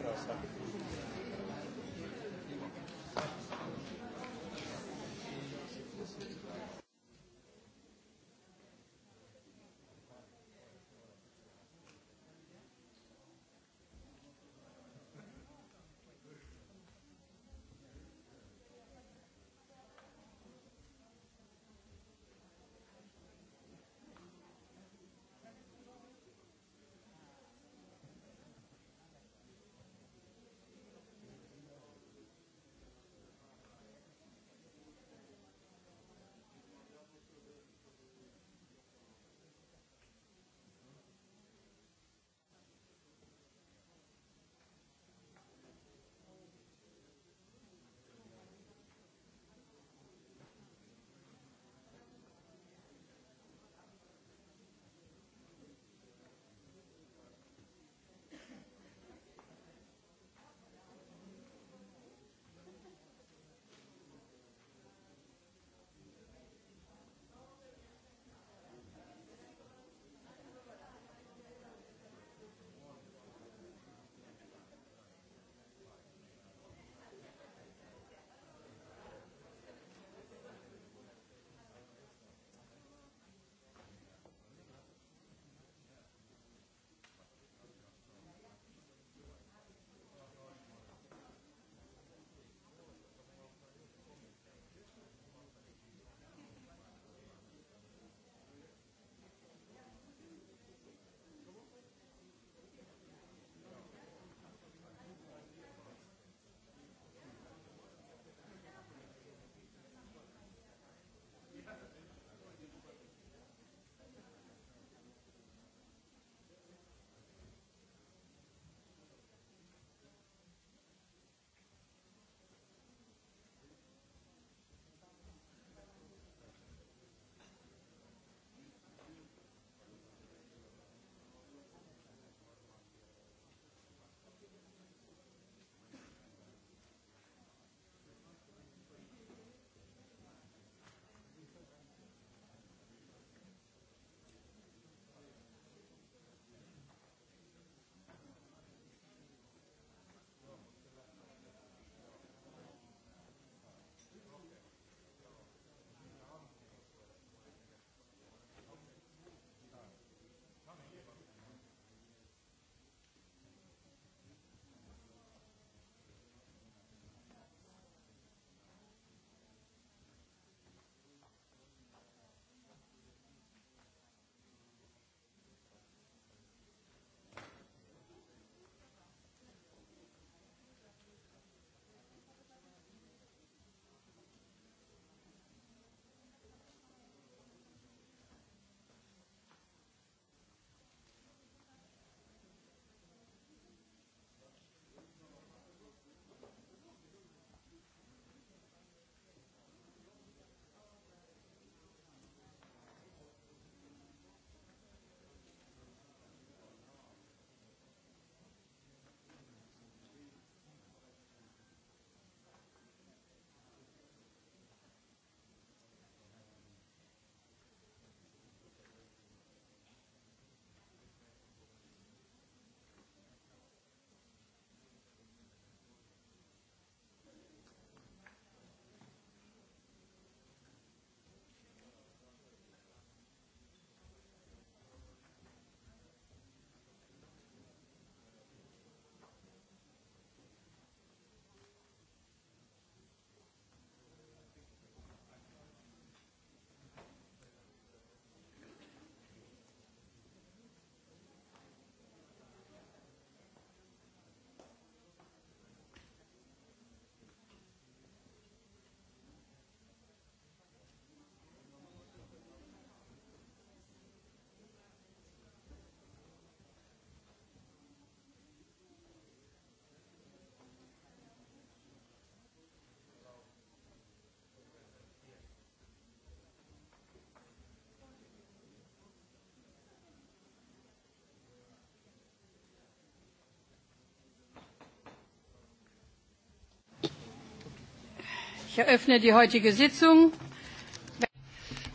Thank you.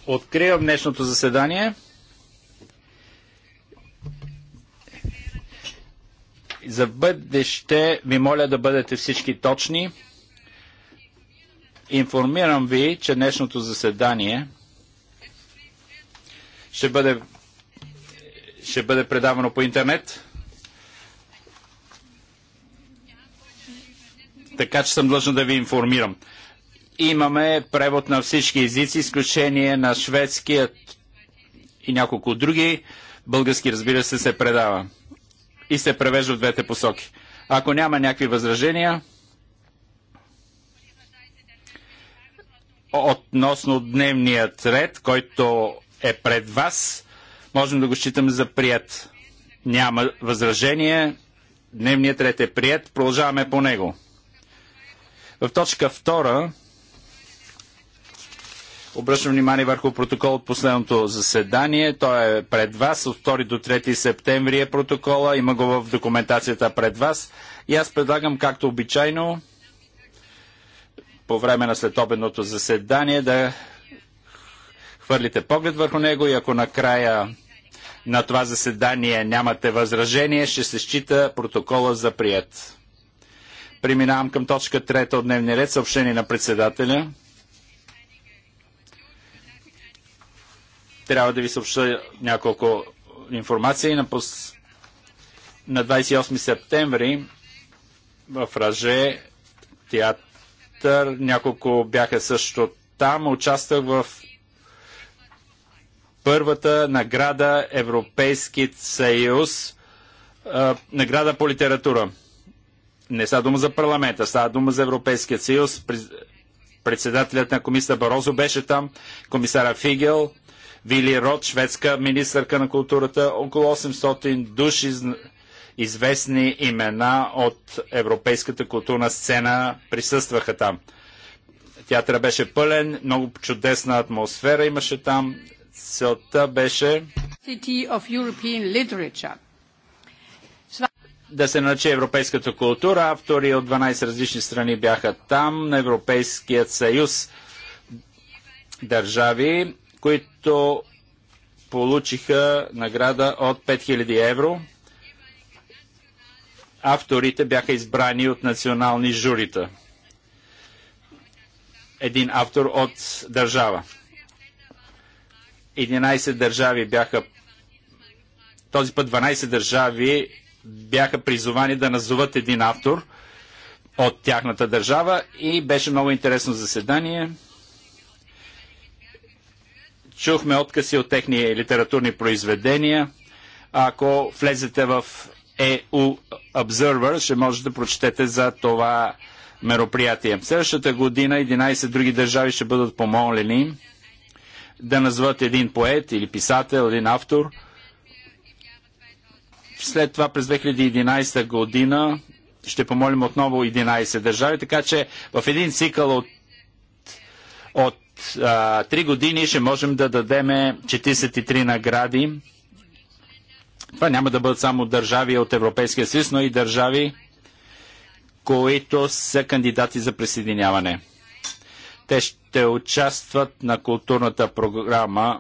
Откривам днешното заседание. За бъдеще ви моля да бъдете всички точни. Информирам ви, че днешното заседание ще бъде, ще бъде предавано по интернет. Така че съм длъжен да ви информирам. Имаме превод на всички езици, изключение на шведският и няколко други. Български, разбира се, се предава и се превежда в двете посоки. Ако няма някакви възражения относно дневният ред, който е пред вас, можем да го считаме за прият. Няма възражение. Дневният ред е прият. Продължаваме по него. В точка 2 Обръщам внимание върху протокол от последното заседание. Той е пред вас. От 2 до 3 септември е протокола. Има го в документацията пред вас. И аз предлагам, както обичайно, по време на следобедното заседание да хвърлите поглед върху него и ако накрая на това заседание нямате възражение, ще се счита протокола за прият. Преминавам към точка трета от дневния ред, съобщение на председателя. трябва да ви съобща няколко информации. На, пос... на 28 септември в Раже театър, няколко бяха също там, участвах в първата награда Европейски съюз, а, награда по литература. Не става дума за парламента, става дума за Европейския съюз. Председателят на комисията Барозо беше там, комисара Фигел, Вили Рот, шведска министърка на културата, около 800 души известни имена от европейската културна сцена присъстваха там. Театъра беше пълен, много чудесна атмосфера имаше там. Целта беше да се начи европейската култура. Автори от 12 различни страни бяха там, на Европейският съюз държави които получиха награда от 5000 евро. Авторите бяха избрани от национални журита. Един автор от държава. 11 държави бяха този път 12 държави бяха призовани да назоват един автор от тяхната държава и беше много интересно заседание. Чухме откази от техни литературни произведения. Ако влезете в EU Observer, ще можете да прочетете за това мероприятие. В следващата година 11 други държави ще бъдат помолени да назват един поет или писател, един автор. След това през 2011 година ще помолим отново 11 държави, така че в един цикъл от, от три години ще можем да дадеме 43 награди. Това няма да бъдат само държави от Европейския съюз, но и държави, които са кандидати за присъединяване. Те ще участват на културната програма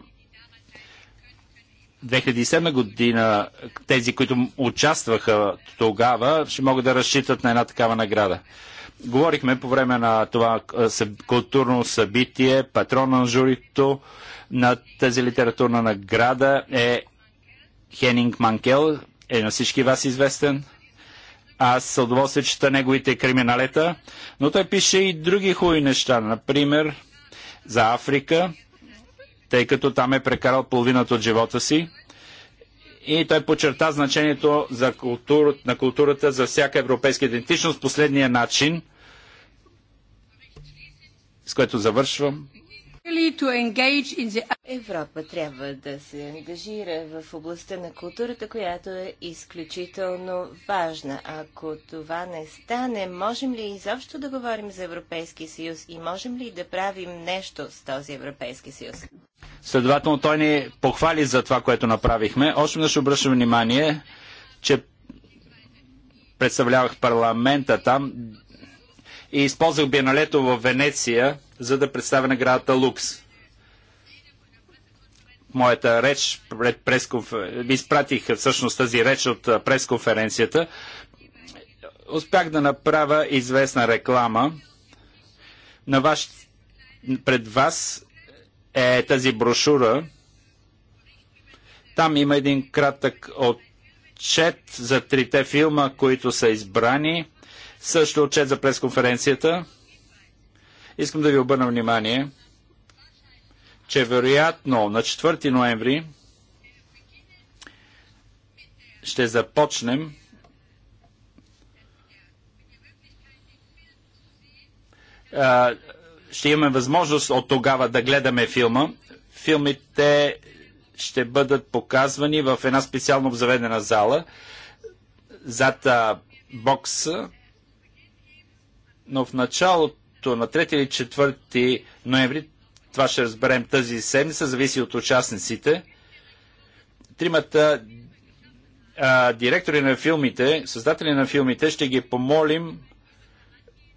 2007 година тези, които участваха тогава, ще могат да разчитат на една такава награда. Говорихме по време на това културно събитие, патрон на журито на тази литературна награда е Хенинг Манкел, е на всички вас известен. Аз с удоволствие чета неговите криминалета, но той пише и други хубави неща, например за Африка, тъй като там е прекарал половината от живота си и той подчерта значението за култур, на културата за всяка европейска идентичност. Последния начин, с което завършвам, Европа трябва да се ангажира в областта на културата, която е изключително важна. Ако това не стане, можем ли изобщо да говорим за Европейски съюз и можем ли да правим нещо с този Европейски съюз? Следователно, той ни похвали за това, което направихме. Още веднъж обръщам внимание, че представлявах парламента там и използвах биеналето в Венеция, за да представя наградата Лукс. Моята реч пред пресконф... изпратих всъщност тази реч от пресконференцията. Успях да направя известна реклама на ваш... пред вас е тази брошура. Там има един кратък отчет за трите филма, които са избрани също отчет за пресконференцията. Искам да ви обърна внимание, че вероятно на 4 ноември ще започнем ще имаме възможност от тогава да гледаме филма. Филмите ще бъдат показвани в една специално обзаведена зала зад бокса но в началото на 3 или 4 ноември, това ще разберем тази седмица, зависи от участниците, тримата а, директори на филмите, създатели на филмите, ще ги помолим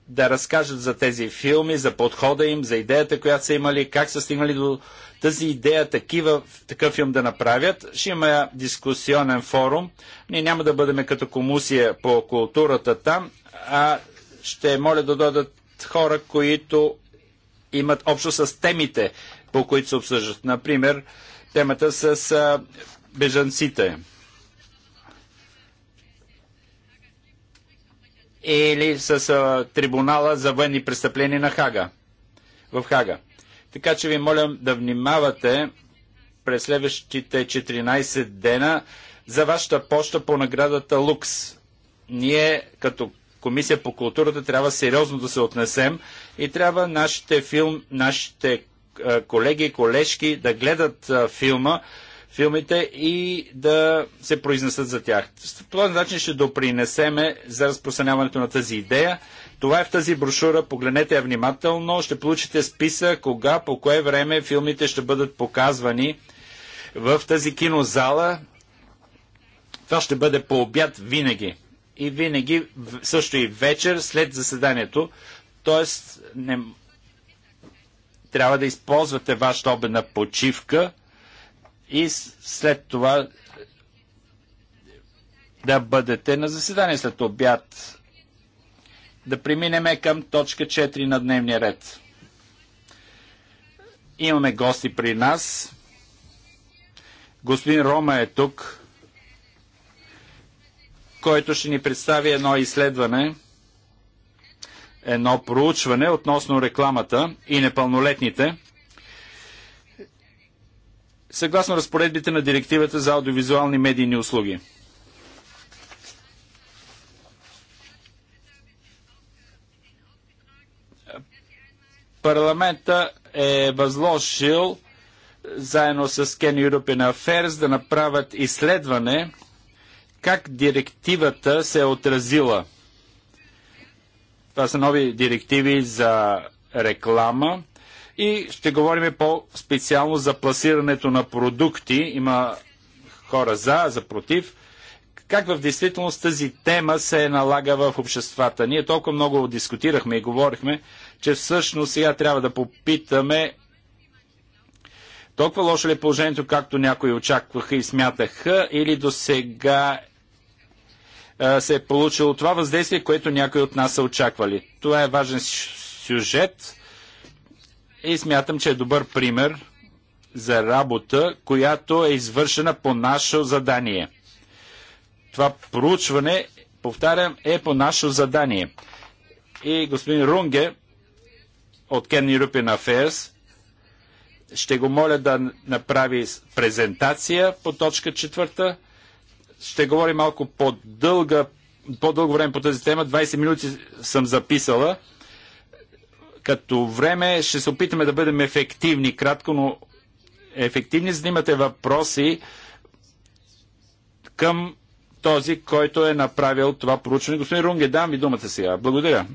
да разкажат за тези филми, за подхода им, за идеята, която са имали, как са стигнали до тази идея, такива, такъв филм да направят. Ще има дискусионен форум. Ние няма да бъдем като комусия по културата там, а ще моля да дойдат хора, които имат общо с темите, по които се обсъждат. Например, темата с бежанците. Или с а, трибунала за военни престъпления на Хага. В Хага. Така че ви моля да внимавате през следващите 14 дена за вашата поща по наградата Лукс. Ние като комисия по културата трябва сериозно да се отнесем и трябва нашите, филм, нашите колеги и колежки да гледат филма, филмите и да се произнесат за тях. По този начин ще допринесеме за разпространяването на тази идея. Това е в тази брошура, погледнете я внимателно, ще получите списа кога, по кое време филмите ще бъдат показвани в тази кинозала. Това ще бъде по обяд винаги и винаги, също и вечер след заседанието. Тоест, не... трябва да използвате вашата обедна почивка и след това да бъдете на заседание след обяд. Да преминем към точка 4 на дневния ред. Имаме гости при нас. Господин Рома е тук който ще ни представи едно изследване, едно проучване относно рекламата и непълнолетните. Съгласно разпоредбите на директивата за аудиовизуални медийни услуги. Парламента е възложил заедно с Ken European Affairs да направят изследване как директивата се е отразила. Това са нови директиви за реклама и ще говорим по-специално за пласирането на продукти. Има хора за, за против. Как в действителност тази тема се налага в обществата? Ние толкова много дискутирахме и говорихме, че всъщност сега трябва да попитаме толкова лошо ли е положението, както някои очакваха и смятаха, или до сега се е получило това въздействие, което някои от нас са очаквали. Това е важен сюжет и смятам, че е добър пример за работа, която е извършена по наше задание. Това проучване, повтарям, е по наше задание. И господин Рунге от Ken European Affairs ще го моля да направи презентация по точка четвърта ще говорим малко по-дълга, по-дълго време по тази тема. 20 минути съм записала. Като време ще се опитаме да бъдем ефективни, кратко, но ефективни, за да имате въпроси към този, който е направил това поручване. Господин Рунге, дам ви думата сега. Благодаря.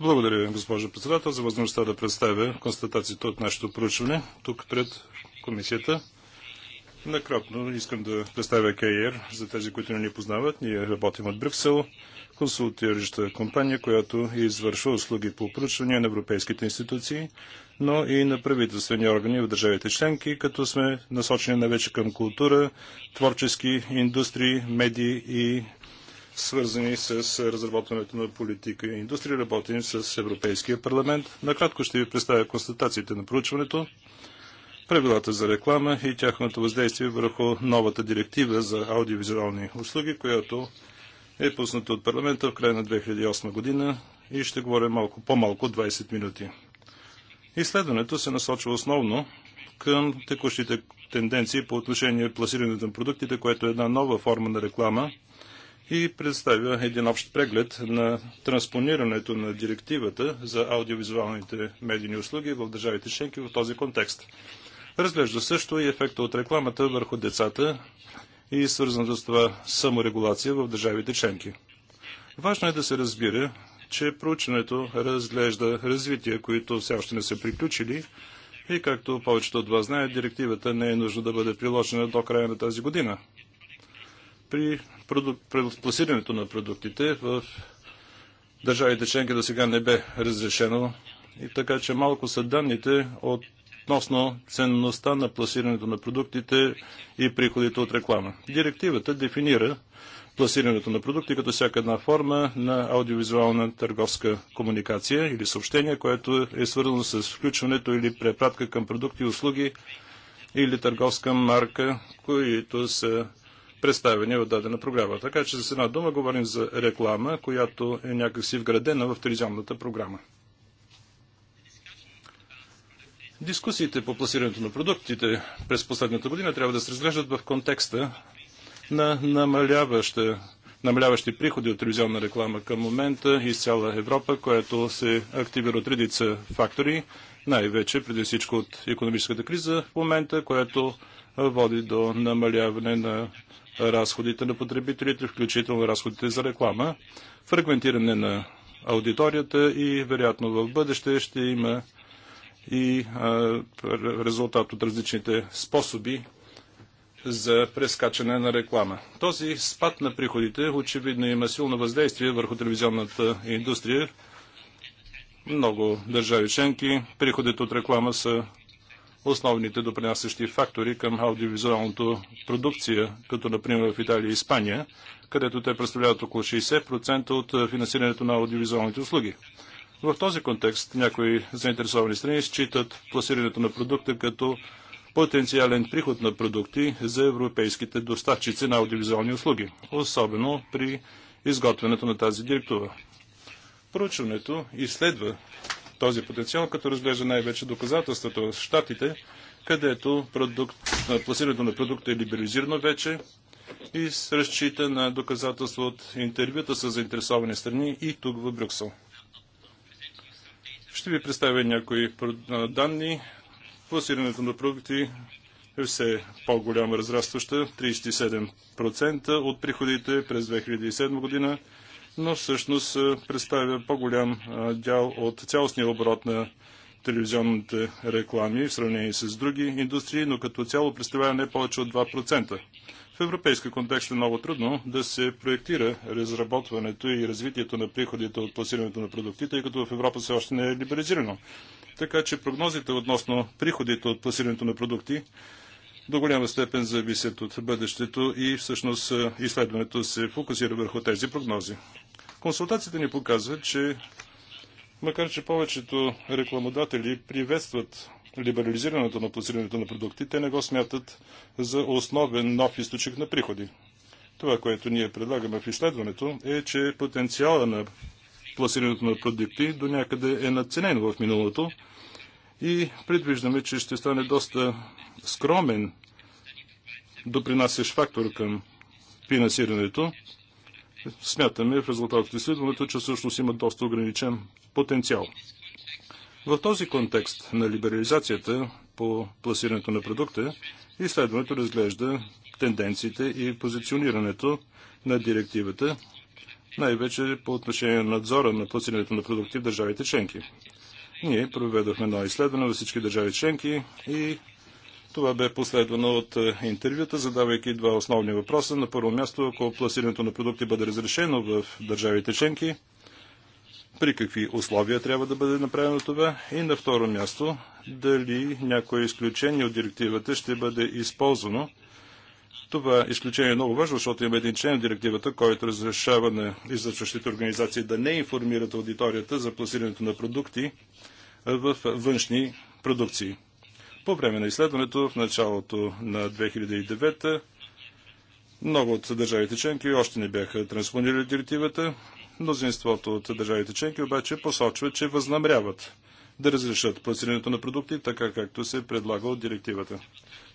Благодаря ви, госпожо председател, за възможността да представя констатациите от нашето проучване тук пред комисията. Накратно искам да представя КЕР за тези, които не ни познават. Ние работим от Брюксел, консултираща компания, която извършва услуги по проучвания на европейските институции, но и на правителствени органи в държавите членки, като сме насочени навече към култура, творчески индустрии, медии и свързани с разработването на политика и индустрия, работим с Европейския парламент. Накратко ще ви представя констатациите на проучването правилата за реклама и тяхното въздействие върху новата директива за аудиовизуални услуги, която е пусната от парламента в края на 2008 година и ще говоря малко, по-малко 20 минути. Изследването се насочва основно към текущите тенденции по отношение пласирането на продуктите, което е една нова форма на реклама и представя един общ преглед на транспонирането на директивата за аудиовизуалните медийни услуги в държавите членки в този контекст. Разглежда също и ефекта от рекламата върху децата и свързаната с това саморегулация в държавите членки. Важно е да се разбира, че проучването разглежда развития, които все още не са приключили и както повечето от вас знаят, директивата не е нужно да бъде приложена до края на тази година. При пласирането на продуктите в държавите членки до сега не бе разрешено и така че малко са данните от относно ценността на пласирането на продуктите и приходите от реклама. Директивата дефинира пласирането на продукти като всяка една форма на аудиовизуална търговска комуникация или съобщение, което е свързано с включването или препратка към продукти и услуги или търговска марка, които са представени в дадена програма. Така че с една дума говорим за реклама, която е някакси вградена в телевизионната програма. Дискусиите по пласирането на продуктите през последната година трябва да се разглеждат в контекста на намаляваща намаляващи приходи от телевизионна реклама към момента из цяла Европа, което се активира от редица фактори, най-вече преди всичко от економическата криза в момента, което води до намаляване на разходите на потребителите, включително разходите за реклама, фрагментиране на аудиторията и вероятно в бъдеще ще има и резултат от различните способи за прескачане на реклама. Този спад на приходите очевидно има силно въздействие върху телевизионната индустрия. Много държави членки приходите от реклама са основните допринасящи фактори към аудиовизуалното продукция, като например в Италия и Испания, където те представляват около 60% от финансирането на аудиовизуалните услуги. В този контекст някои заинтересовани страни считат пласирането на продукта като потенциален приход на продукти за европейските доставчици на аудиовизуални услуги, особено при изготвянето на тази директива. Проучването изследва този потенциал, като разглежда най-вече доказателствата в Штатите, където продукт, пласирането на продукта е либерализирано вече и разчита на доказателство от интервюта с заинтересовани страни и тук в Брюксел. Ще ви представя някои данни. Пласирането на продукти е все по-голяма разрастваща, 37% от приходите през 2007 година, но всъщност представя по-голям дял от цялостния оборот на телевизионните реклами в сравнение с други индустрии, но като цяло представлява не повече от 2%. В европейски контекст е много трудно да се проектира разработването и развитието на приходите от пласирането на продукти, тъй като в Европа все още не е либерализирано. Така че прогнозите относно приходите от пласирането на продукти до голяма степен зависят от бъдещето и всъщност е, изследването се фокусира върху тези прогнози. Консултациите ни показват, че макар че повечето рекламодатели приветстват либерализирането на пласирането на продукти, те не го смятат за основен нов източник на приходи. Това, което ние предлагаме в изследването е, че потенциала на пласирането на продукти до някъде е надценен в миналото и предвиждаме, че ще стане доста скромен допринасящ фактор към финансирането. Смятаме в резултатите изследването, че всъщност има доста ограничен потенциал. В този контекст на либерализацията по пласирането на продукта, изследването разглежда тенденциите и позиционирането на директивата, най-вече по отношение на надзора на пласирането на продукти в държавите членки. Ние проведохме едно изследване във всички държави членки и това бе последвано от е, интервюта, задавайки два основни въпроса. На първо място, ако пласирането на продукти бъде разрешено в държавите членки, при какви условия трябва да бъде направено това и на второ място дали някое изключение от директивата ще бъде използвано. Това изключение е много важно, защото има един член от директивата, който разрешава на излъчващите организации да не информират аудиторията за пласирането на продукти в външни продукции. По време на изследването в началото на 2009 много от държавите членки още не бяха транспонирали директивата Мнозинството от държавите членки обаче посочват, че възнамряват да разрешат пласирането на продукти, така както се предлага от директивата.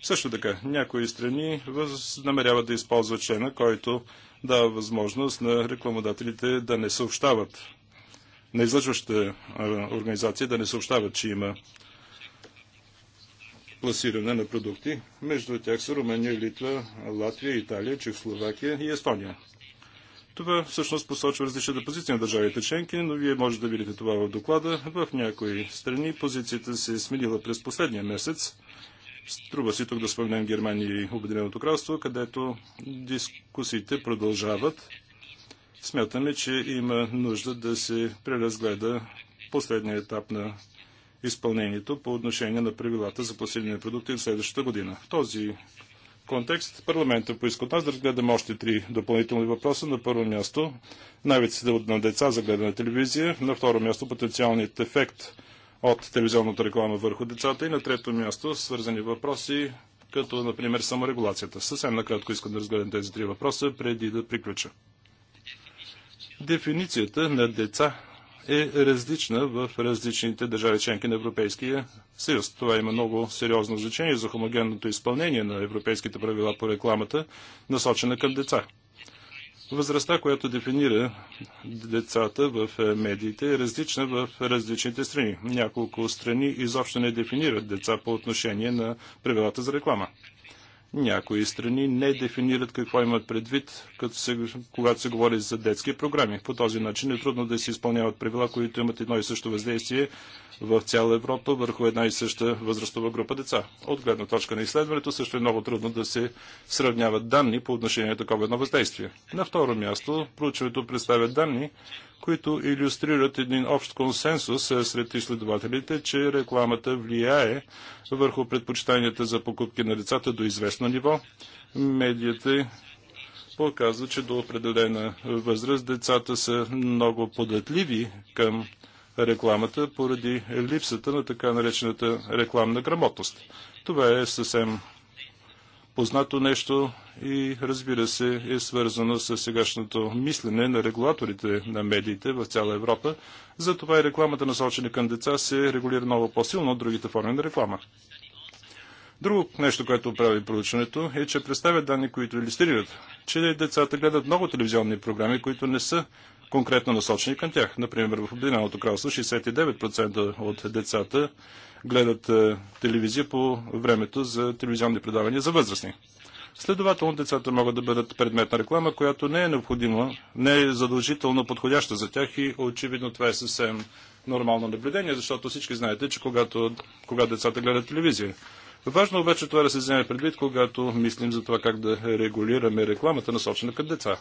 Също така, някои страни възнамеряват да използват члена, който дава възможност на рекламодателите да не съобщават, на излъчващата организация да не съобщават, че има пласиране на продукти. Между тях са Румъния, Литва, Латвия, Италия, Чехословакия и Естония. Това всъщност посочва различната позиция на държавите членки, но вие може да видите това в доклада. В някои страни позицията се е сменила през последния месец. Струва си тук да споменем Германия и Обединеното кралство, където дискусиите продължават. Смятаме, че има нужда да се преразгледа последния етап на изпълнението по отношение на правилата за последния продукти в следващата година. В този контекст парламента поиска от нас да разгледаме още три допълнителни въпроса. На първо място навиците на деца за гледане на телевизия. На второ място потенциалният ефект от телевизионната реклама върху децата. И на трето място свързани въпроси, като например саморегулацията. Съвсем накратко искам да разгледам тези три въпроса преди да приключа. Дефиницията на деца е различна в различните държави членки на Европейския съюз. Това има много сериозно значение за хомогенното изпълнение на европейските правила по рекламата, насочена към деца. Възрастта, която дефинира децата в е, медиите е различна в различните страни. Няколко страни изобщо не дефинират деца по отношение на правилата за реклама. Някои страни не дефинират какво имат предвид, като се, когато се говори за детски програми. По този начин е трудно да се изпълняват правила, които имат едно и също въздействие в цяла Европа върху една и съща възрастова група деца. От гледна точка на изследването също е много трудно да се сравняват данни по отношение на такова едно въздействие. На второ място, проучването представя данни, които иллюстрират един общ консенсус е, сред изследователите, че рекламата влияе върху предпочитанията за покупки на децата до известно ниво. Медиите показва, че до определена възраст децата са много податливи към рекламата поради липсата на така наречената рекламна грамотност. Това е съвсем познато нещо и разбира се е свързано с сегашното мислене на регулаторите на медиите в цяла Европа. Затова и рекламата насочена към деца се регулира много по-силно от другите форми на реклама. Друго нещо, което прави проучването е, че представят данни, които иллюстрират, че децата гледат много телевизионни програми, които не са конкретно насочени към тях. Например, в Обединеното кралство 69% от децата гледат е, телевизия по времето за телевизионни предавания за възрастни. Следователно, децата могат да бъдат предмет на реклама, която не е необходима, не е задължително подходяща за тях и очевидно това е съвсем нормално наблюдение, защото всички знаете, че когато, когато децата гледат телевизия. Важно е обаче това да се вземе предвид, когато мислим за това как да регулираме рекламата, насочена към деца.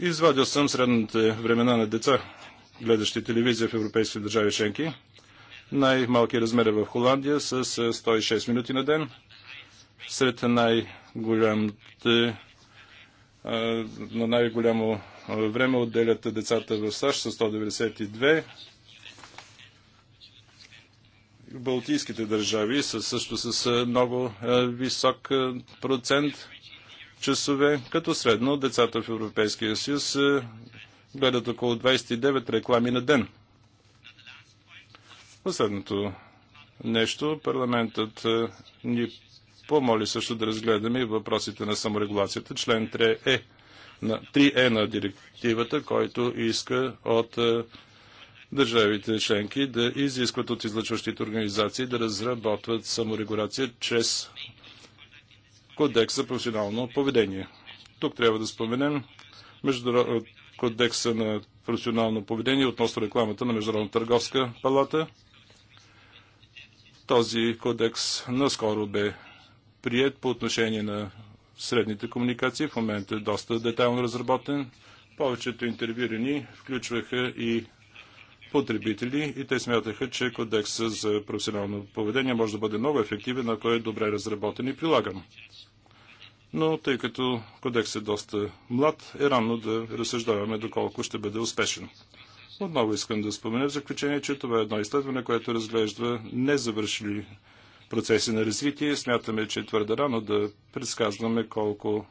Извадил съм средните времена на деца, гледащи телевизия в европейски държави членки. Най-малки размери в Холандия с 106 е, минути на ден. Сред най-голямите е, на най-голямо е, време отделят децата в САЩ с 192. Балтийските държави са също с много висок процент часове, като средно децата в Европейския съюз е, гледат около 29 реклами на ден. Последното нещо, парламентът е, ни помоли също да разгледаме въпросите на саморегулацията, член 3е на, 3е на директивата, който иска от е, държавите членки да изискват от излъчващите организации да разработват саморегулация чрез кодекс за професионално поведение. Тук трябва да споменем кодекса на професионално поведение относно рекламата на Международна търговска палата. Този кодекс наскоро бе прият по отношение на средните комуникации. В момента е доста детайлно разработен. Повечето интервюирани включваха и потребители и те смятаха, че кодекса за професионално поведение може да бъде много ефективен, ако е добре разработен и прилаган но тъй като кодекс е доста млад, е рано да разсъждаваме доколко ще бъде успешен. Отново искам да спомена в заключение, че това е едно изследване, което разглежда незавършили процеси на развитие. Смятаме, че е твърде рано да предсказваме колко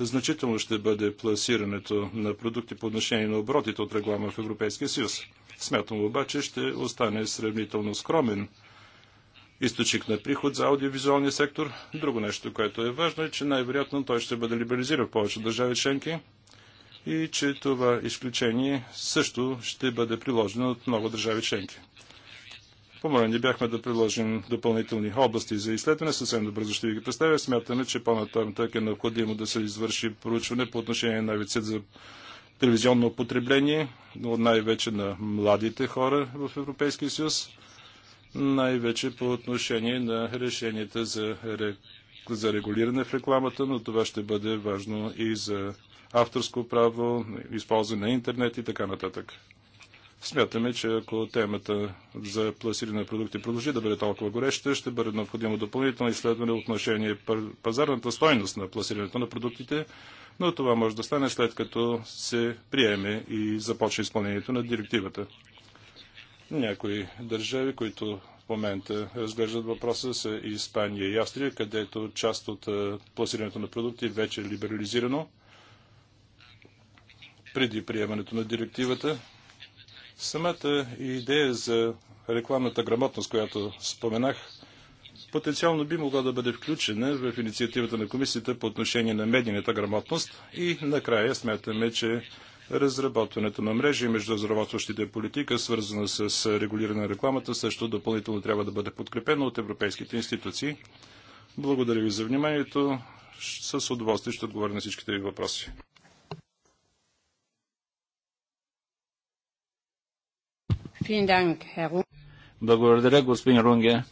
значително ще бъде пласирането на продукти по отношение на оборотите от реклама в Европейския съюз. Смятам обаче, ще остане сравнително скромен източник на приход за аудиовизуалния сектор. Друго нещо, което е важно е, че най-вероятно той ще бъде либерализиран в повече държави членки и че това изключение също ще бъде приложено от много държави членки. Помолени бяхме да приложим допълнителни области за изследване. Съвсем добре защо ви ги представя. Смятаме, че по-нататък е необходимо да се извърши проучване по отношение на вицет за телевизионно употребление, но най-вече на младите хора в Европейския съюз най-вече по отношение на решенията за, за регулиране в рекламата, но това ще бъде важно и за авторско право, използване на интернет и така нататък. Смятаме, че ако темата за пласиране на продукти продължи да бъде толкова гореща, ще бъде необходимо допълнително изследване отношение пазарната стойност на пласирането на продуктите, но това може да стане след като се приеме и започне изпълнението на директивата. Някои държави, които в момента разглеждат въпроса са Испания и Австрия, където част от пласирането на продукти вече е либерализирано преди приемането на директивата. Самата идея за рекламната грамотност, която споменах, потенциално би могла да бъде включена в инициативата на комисията по отношение на медийната грамотност и накрая смятаме, че Разработването на мрежи между разработващите политика, свързана с регулиране на рекламата, също допълнително трябва да бъде подкрепено от европейските институции. Благодаря ви за вниманието. С удоволствие ще отговоря на всичките ви въпроси. Благодаря, господин Рунге.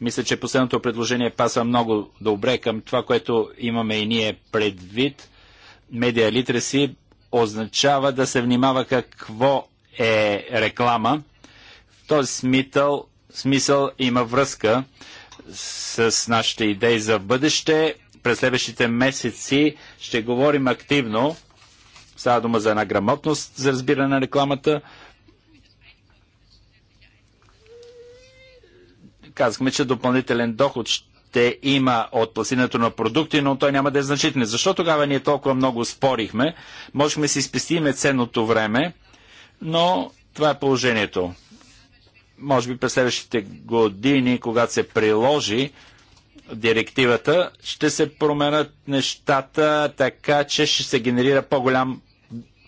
Мисля, че последното предложение паса много добре към това, което имаме и ние предвид. Медиа литреси означава да се внимава какво е реклама. В този смисъл, смисъл има връзка с нашите идеи за бъдеще. През следващите месеци ще говорим активно. Става дума за една грамотност за разбиране на рекламата. Казахме, че допълнителен доход ще има от пласирането на продукти, но той няма да е значителен. Защо тогава ние толкова много спорихме? Можехме да си спестиме ценното време, но това е положението. Може би през следващите години, когато се приложи, директивата, ще се променят нещата така, че ще се генерира по-голям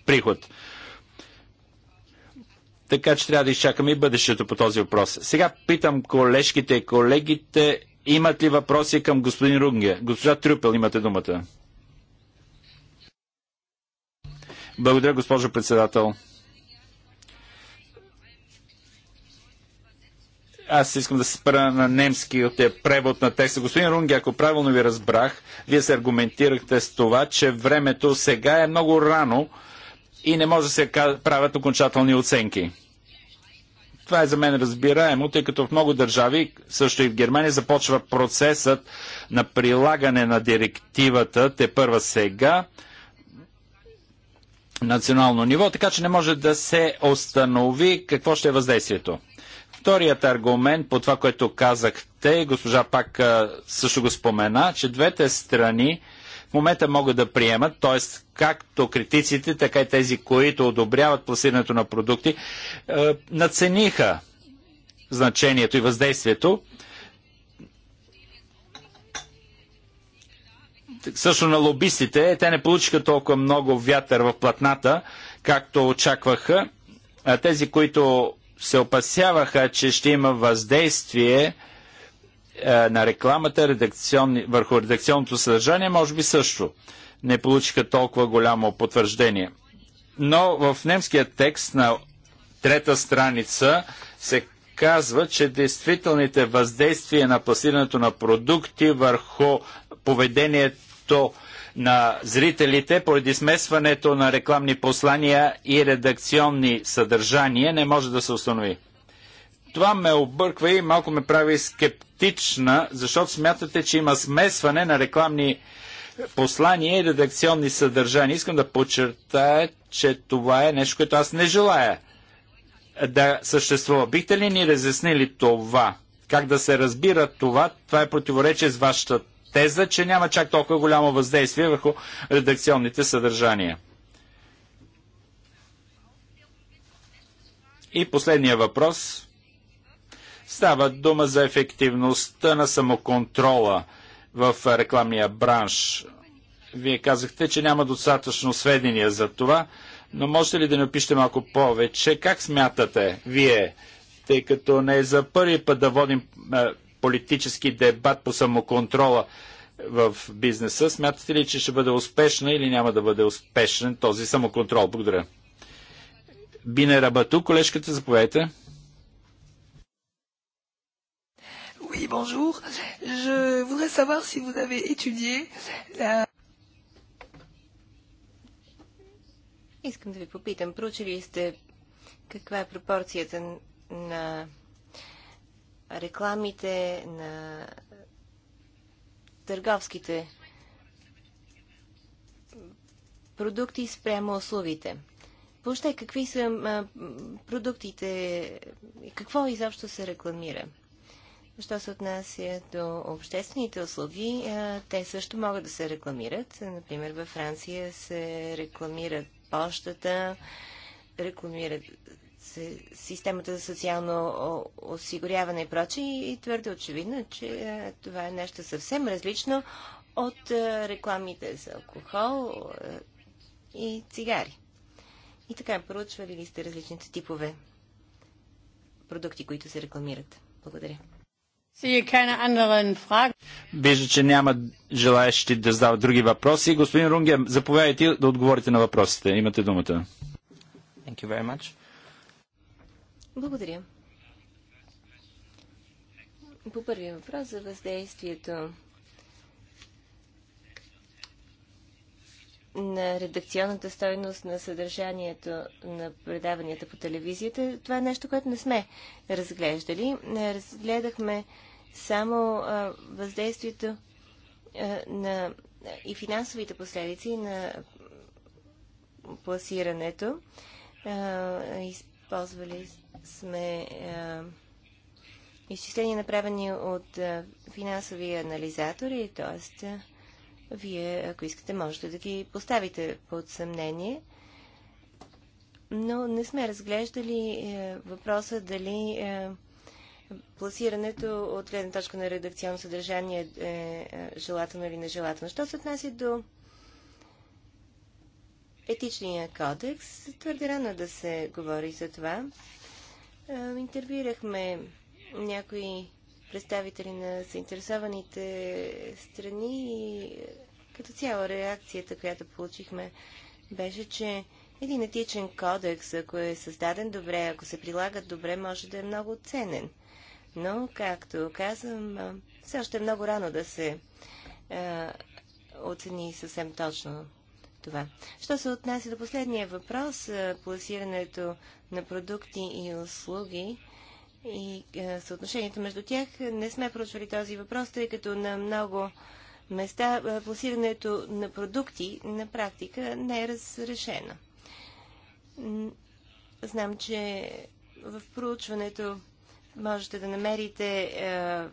приход. Така че трябва да изчакаме и бъдещето по този въпрос. Сега питам колежките и колегите, имат ли въпроси към господин Рунге? Госпожа Трюпел, имате думата. Благодаря, госпожо председател. аз искам да се спра на немски от е превод на текста. Господин Рунги, ако правилно ви разбрах, вие се аргументирахте с това, че времето сега е много рано и не може да се правят окончателни оценки. Това е за мен разбираемо, тъй като в много държави, също и в Германия, започва процесът на прилагане на директивата те първа сега национално ниво, така че не може да се установи какво ще е въздействието. Вторият аргумент по това, което казахте, госпожа пак също го спомена, че двете страни в момента могат да приемат, т.е. както критиците, така и тези, които одобряват пласирането на продукти, е, нацениха значението и въздействието. Също на лобистите, те не получиха толкова много вятър в платната, както очакваха. А тези, които се опасяваха, че ще има въздействие, е, на рекламата редакционни, върху редакционното съдържание, може би също не получиха толкова голямо потвърждение. Но в немския текст на трета страница се казва, че действителните въздействия на пласирането на продукти върху поведението на зрителите поради смесването на рекламни послания и редакционни съдържания не може да се установи това ме обърква и малко ме прави скептична, защото смятате, че има смесване на рекламни послания и редакционни съдържания. Искам да подчертая, че това е нещо, което аз не желая да съществува. Бихте ли ни разяснили това? Как да се разбира това? Това е противоречие с вашата теза, че няма чак толкова голямо въздействие върху редакционните съдържания. И последния въпрос. Става дума за ефективността на самоконтрола в рекламния бранш. Вие казахте, че няма достатъчно сведения за това, но можете ли да ни опишете малко повече? Как смятате вие, тъй като не е за първи път да водим е, политически дебат по самоконтрола в бизнеса, смятате ли, че ще бъде успешна или няма да бъде успешен този самоконтрол? Благодаря. Бинера Бату, колежката, заповядайте. Oui, bonjour. Je voudrais savoir si vous avez étudié la... Искам да ви попитам, проучили сте каква е пропорцията на рекламите, на търговските продукти спрямо услугите. Въобще, какви са а, продуктите, какво изобщо се рекламира? Що се отнася до обществените услуги, те също могат да се рекламират. Например, във Франция се рекламират почтата, рекламират системата за социално осигуряване и прочее. И твърде очевидно, че това е нещо съвсем различно от рекламите за алкохол и цигари. И така, проучвали ли сте различните типове продукти, които се рекламират? Благодаря. Вижда, че няма желаящи да задават други въпроси. Господин Рунге, заповядайте да отговорите на въпросите. Имате думата. Благодаря. По първия въпрос за въздействието на редакционната стойност на съдържанието на предаванията по телевизията. Това е нещо, което не сме разглеждали. Разгледахме само а, въздействието а, на, и финансовите последици на пласирането. А, използвали сме изчисления, направени от финансови анализатори, т.е. Вие, ако искате, можете да ги поставите под съмнение. Но не сме разглеждали е, въпроса дали е, пласирането от гледна точка на редакционно съдържание е, е желателно или нежелателно. Що се отнася до етичния кодекс, твърде рано да се говори за това. Е, интервюирахме някои представители на заинтересованите страни и е, като цяло реакцията, която получихме, беше, че един етичен кодекс, ако е създаден добре, ако се прилагат добре, може да е много ценен. Но, както казвам, е, все още е много рано да се е, оцени съвсем точно това. Що се отнася до последния въпрос, е, пласирането на продукти и услуги, и е, съотношението между тях. Не сме проучвали този въпрос, тъй като на много места е, пласирането на продукти на практика не е разрешено. Знам, че в проучването можете да намерите е,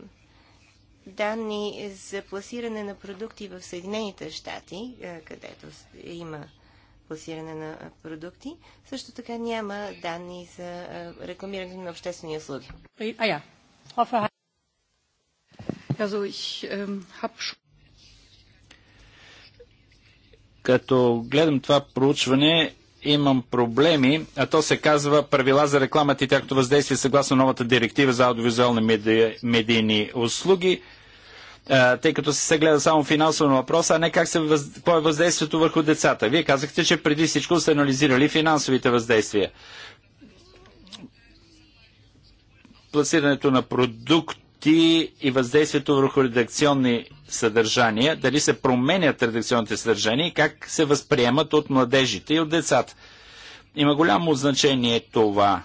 данни за пласиране на продукти в Съединените щати, където има класиране на продукти. Също така няма данни за рекламирането на обществени услуги. А, я. Ähm, Като гледам това проучване, имам проблеми, а то се казва правила за рекламата и тяхното въздействие съгласно новата директива за аудиовизуални медийни услуги – е, тъй като се гледа само финансово на въпроса, а не как се въз... какво е въздействието върху децата. Вие казахте, че преди всичко сте анализирали финансовите въздействия. Пласирането на продукти и въздействието върху редакционни съдържания, дали се променят редакционните съдържания и как се възприемат от младежите и от децата. Има голямо значение това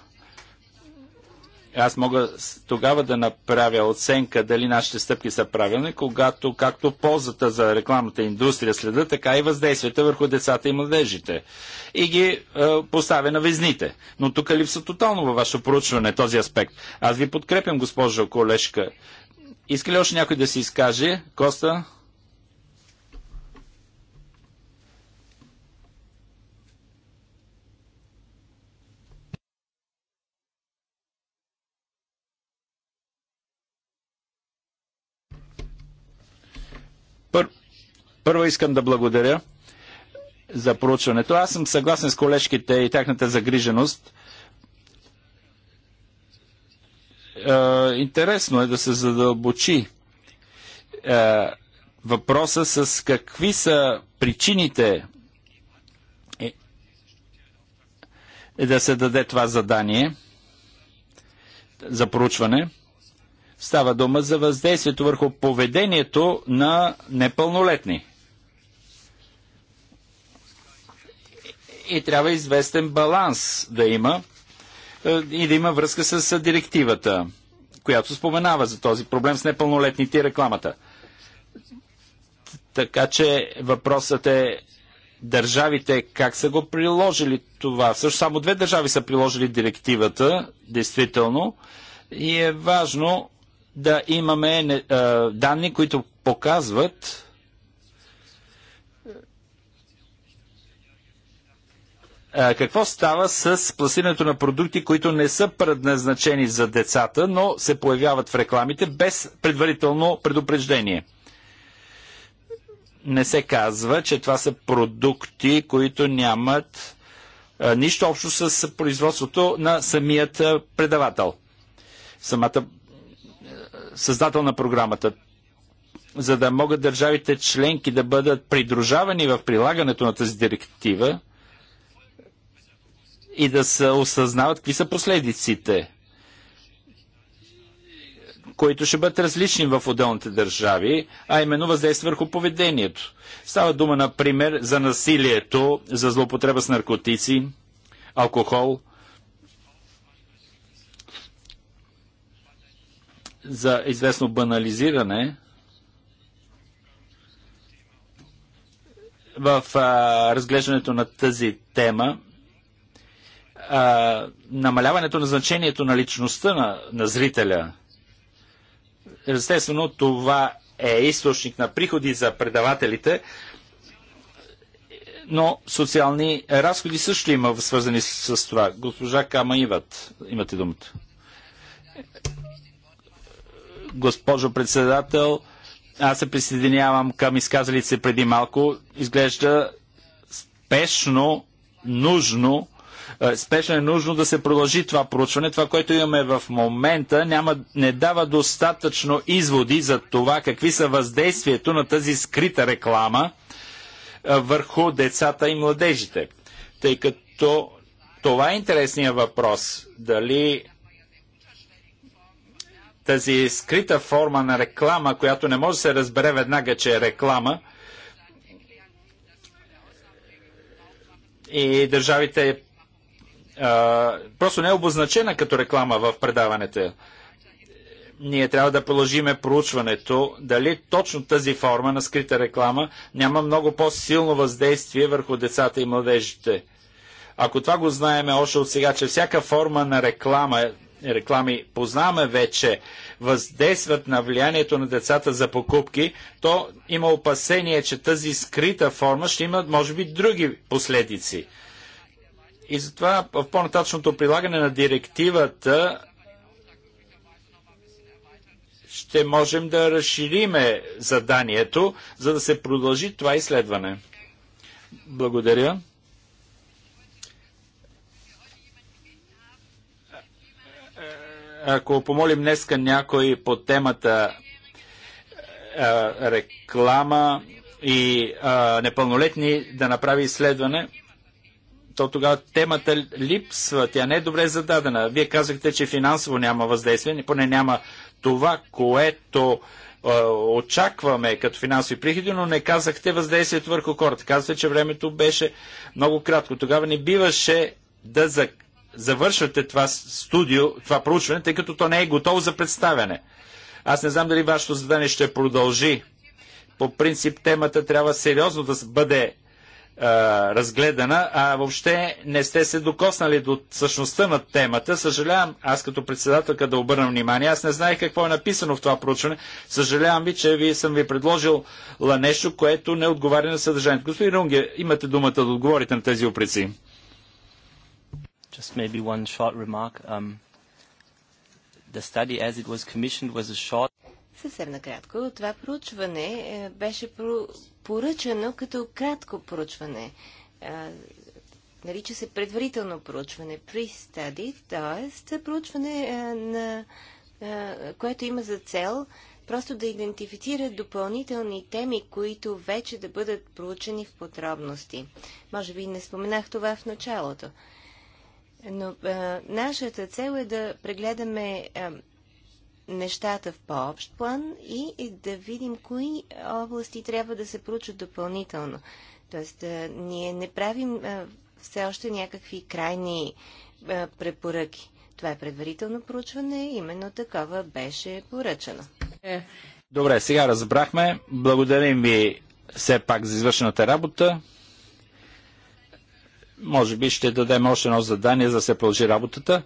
аз мога тогава да направя оценка дали нашите стъпки са правилни, когато както ползата за рекламната индустрия следа, така и въздействията върху децата и младежите. И ги е, поставя на везните. Но тук липсва тотално във ваше проучване този аспект. Аз ви подкрепям, госпожо Колешка. Иска ли още някой да се изкаже? Коста? Пър... Първо искам да благодаря за проучването. Аз съм съгласен с колежките и тяхната загриженост. Е, интересно е да се задълбочи е, въпроса с какви са причините е, е да се даде това задание за проучване. Става дума за въздействието върху поведението на непълнолетни. И трябва известен баланс да има е, и да има връзка с директивата, която споменава за този проблем с непълнолетните и рекламата. Така че въпросът е държавите как са го приложили това. Също само две държави са приложили директивата, действително. И е важно да имаме е, данни, които показват е, какво става с пласирането на продукти, които не са предназначени за децата, но се появяват в рекламите без предварително предупреждение. Не се казва, че това са продукти, които нямат е, нищо общо с производството на самият предавател. Самата създател на програмата, за да могат държавите членки да бъдат придружавани в прилагането на тази директива и да се осъзнават какви са последиците, които ще бъдат различни в отделните държави, а именно въздействие върху поведението. Става дума, например, за насилието, за злоупотреба с наркотици, алкохол, за известно банализиране в а, разглеждането на тази тема. А, намаляването на значението на личността на, на зрителя. Естествено, това е източник на приходи за предавателите, но социални разходи също има свързани с това. Госпожа Кама Иват, имате думата. Госпожо председател, аз се присъединявам към изказалите се преди малко. Изглежда спешно, нужно, е, спешно е нужно да се продължи това проучване. Това, което имаме в момента, няма, не дава достатъчно изводи за това какви са въздействието на тази скрита реклама е, върху децата и младежите. Тъй като това е интересният въпрос. Дали тази скрита форма на реклама, която не може да се разбере веднага, че е реклама, и държавите а, просто не е обозначена като реклама в предаването. Ние трябва да положиме проучването дали точно тази форма на скрита реклама няма много по-силно въздействие върху децата и младежите. Ако това го знаеме още от сега, че всяка форма на реклама реклами познаваме вече, въздействат на влиянието на децата за покупки, то има опасение, че тази скрита форма ще има, може би, други последици. И затова в по-нататъчното прилагане на директивата ще можем да разшириме заданието, за да се продължи това изследване. Благодаря. ако помолим днеска някой по темата а, реклама и а, непълнолетни да направи изследване, то тогава темата липсва, тя не е добре зададена. Вие казахте, че финансово няма въздействие, поне няма това, което а, очакваме като финансови приходи, но не казахте въздействието върху хората. Казахте, че времето беше много кратко. Тогава не биваше да, закъсваме завършвате това студио, това проучване, тъй като то не е готово за представяне. Аз не знам дали вашето задание ще продължи. По принцип темата трябва сериозно да бъде а, разгледана, а въобще не сте се докоснали до същността на темата. Съжалявам, аз като председателка да обърна внимание, аз не знаех какво е написано в това проучване. Съжалявам ви, че ви съм ви предложил нещо, което не отговаря на съдържанието. Господин Рунге, имате думата да отговорите на тези опреци. Just maybe one short remark. Um, the study as it was commissioned was a short... Съвсем накратко, това проучване е, беше поръчано като кратко проучване. нарича се предварително проучване, pre-study, т.е. проучване е, на е, което има за цел просто да идентифицира допълнителни теми, които вече да бъдат проучени в подробности. Може би не споменах това в началото. Но а, нашата цел е да прегледаме а, нещата в по-общ план и, и да видим кои области трябва да се проучат допълнително. Тоест, а, ние не правим а, все още някакви крайни а, препоръки. Това е предварително проучване, именно такова беше поръчано. Добре, сега разбрахме. Благодарим ви все пак за извършената работа. Може би ще дадем още едно задание, за да се продължи работата.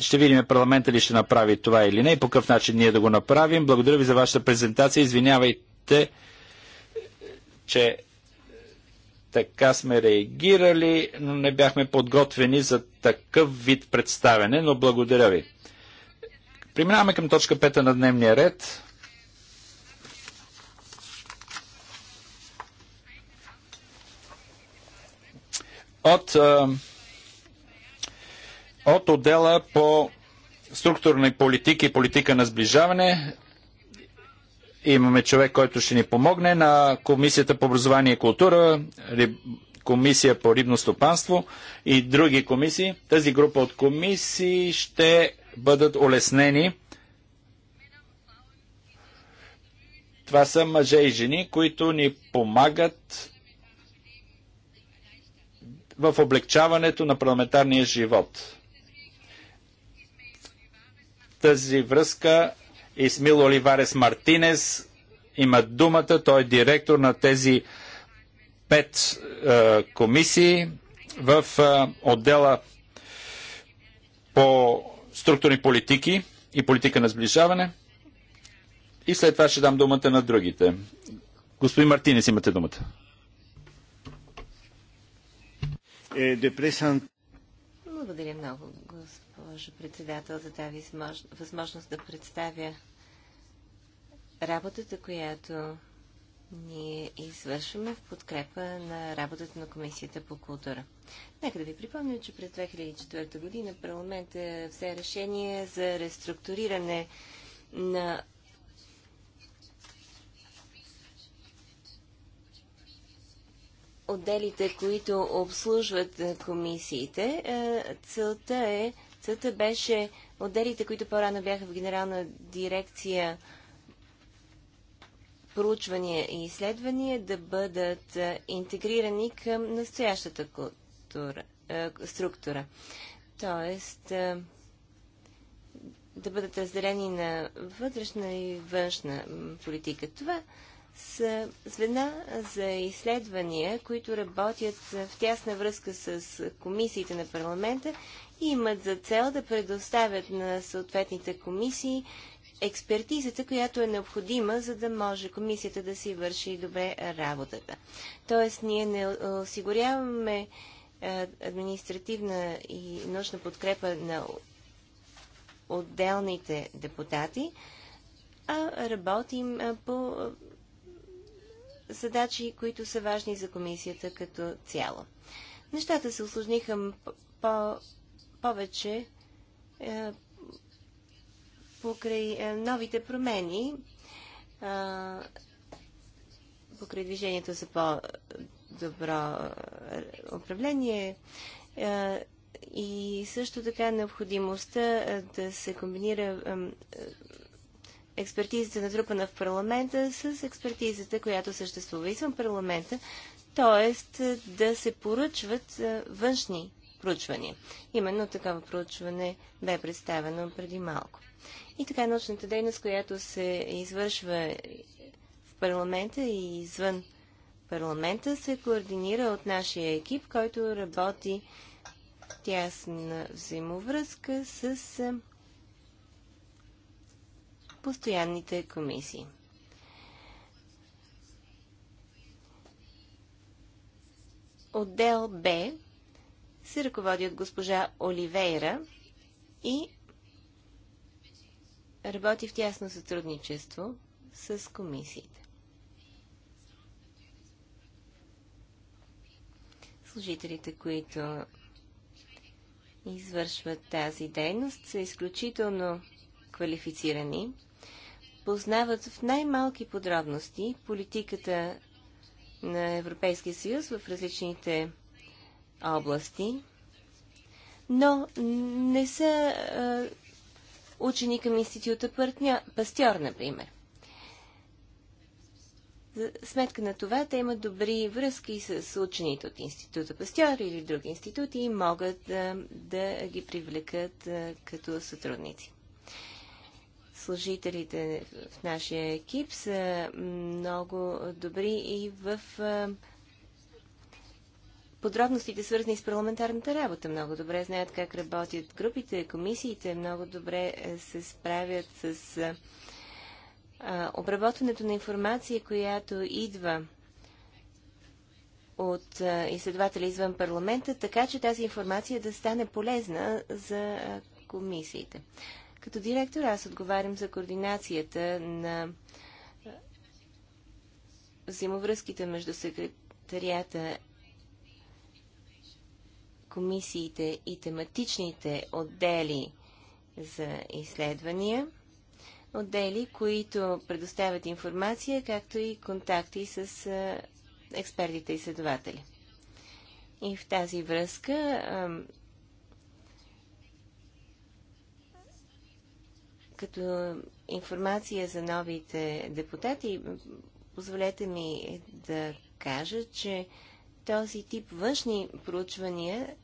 Ще видим парламента ли ще направи това или не и по какъв начин ние да го направим. Благодаря ви за вашата презентация. Извинявайте, че така сме реагирали, но не бяхме подготвени за такъв вид представене, но благодаря ви. Преминаваме към точка 5 на дневния ред. от, от отдела по структурни политики и политика на сближаване. Имаме човек, който ще ни помогне на Комисията по образование и култура, Комисия по рибно стопанство и други комисии. Тази група от комисии ще бъдат улеснени. Това са мъже и жени, които ни помагат в облегчаването на парламентарния живот. В тази връзка Исмил Оливарес Мартинес има думата. Той е директор на тези пет е, комисии в е, отдела по структурни политики и политика на сближаване. И след това ще дам думата на другите. Господин Мартинес, имате думата. Е, Благодаря много, госпожо председател, за тази възможност да представя работата, която ние извършваме в подкрепа на работата на Комисията по култура. Нека да ви припомня, че през 2004 година парламентът е взе решение за реструктуриране на отделите, които обслужват е, комисиите. Е, целта е, целта беше отделите, които по-рано бяха в Генерална дирекция проучвания и изследвания да бъдат е, интегрирани към настоящата култура, структура. Тоест да бъдат разделени на вътрешна и външна политика. Това са звена за изследвания, които работят в тясна връзка с комисиите на парламента и имат за цел да предоставят на съответните комисии експертизата, която е необходима, за да може комисията да си върши добре работата. Тоест, ние не осигуряваме е, административна и научна подкрепа на отделните депутати, а работим е, по задачи, които са важни за комисията като цяло. Нещата се осложниха по- повече е, покрай е, новите промени, е, покрай движението за по-добро е, управление е, и също така необходимостта е, да се комбинира експертизата натрупана в парламента с експертизата, която съществува извън парламента, т.е. да се поръчват е, външни проучвания. Именно такова проучване бе представено преди малко. И така научната дейност, която се извършва в парламента и извън парламента, се координира от нашия екип, който работи тясна взаимовръзка с е, постоянните комисии. Отдел Б се ръководи от госпожа Оливейра и работи в тясно сътрудничество с комисиите. Служителите, които извършват тази дейност, са изключително квалифицирани познават в най-малки подробности политиката на Европейския съюз в различните области, но не са учени към института партньор, Пастьор, например. За сметка на това, те имат добри връзки с учените от института Пастьор или други институти и могат да, да ги привлекат като сътрудници служителите в нашия екип са много добри и в подробностите, свързани с парламентарната работа. Много добре знаят как работят групите, комисиите, много добре се справят с обработването на информация, която идва от изследователи извън парламента, така че тази информация да стане полезна за комисиите. Като директор аз отговарям за координацията на взаимовръзките между секретарията, комисиите и тематичните отдели за изследвания, отдели, които предоставят информация, както и контакти с експертите и следователи. И в тази връзка като информация за новите депутати, позволете ми да кажа, че този тип външни проучвания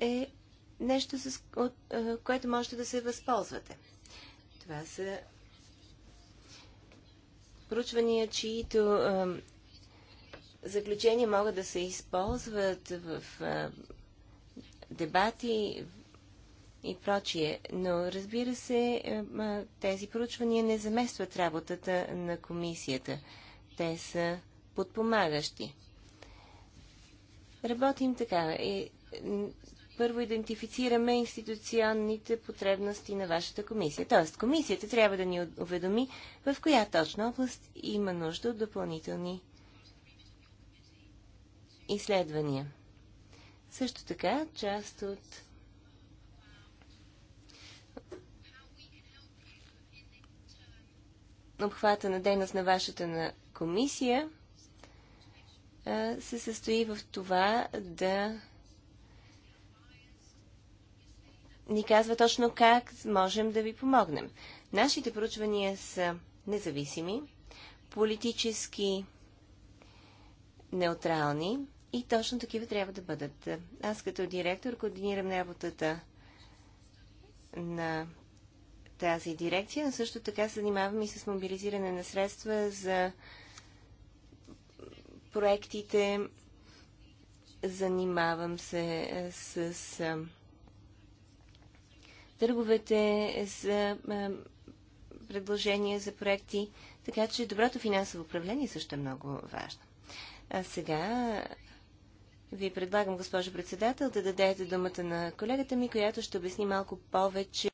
е нещо, с, от, което можете да се възползвате. Това са проучвания, чието заключения могат да се използват в дебати, дебати, и прочие. Но разбира се, е, тези проучвания не заместват работата на комисията. Те са подпомагащи. Работим така. първо идентифицираме институционните потребности на вашата комисия. Тоест, комисията трябва да ни уведоми в коя точна област има нужда от допълнителни изследвания. Също така, част от обхвата на дейност на вашата на комисия се състои в това да ни казва точно как можем да ви помогнем. Нашите проучвания са независими, политически неутрални и точно такива трябва да бъдат. Аз като директор координирам работата на тази дирекция, но също така се занимаваме и с мобилизиране на средства за проектите. Занимавам се е, с е, търговете за е, предложения за проекти, така че доброто финансово управление също е много важно. А сега ви предлагам, госпожо председател, да дадете думата на колегата ми, която ще обясни малко повече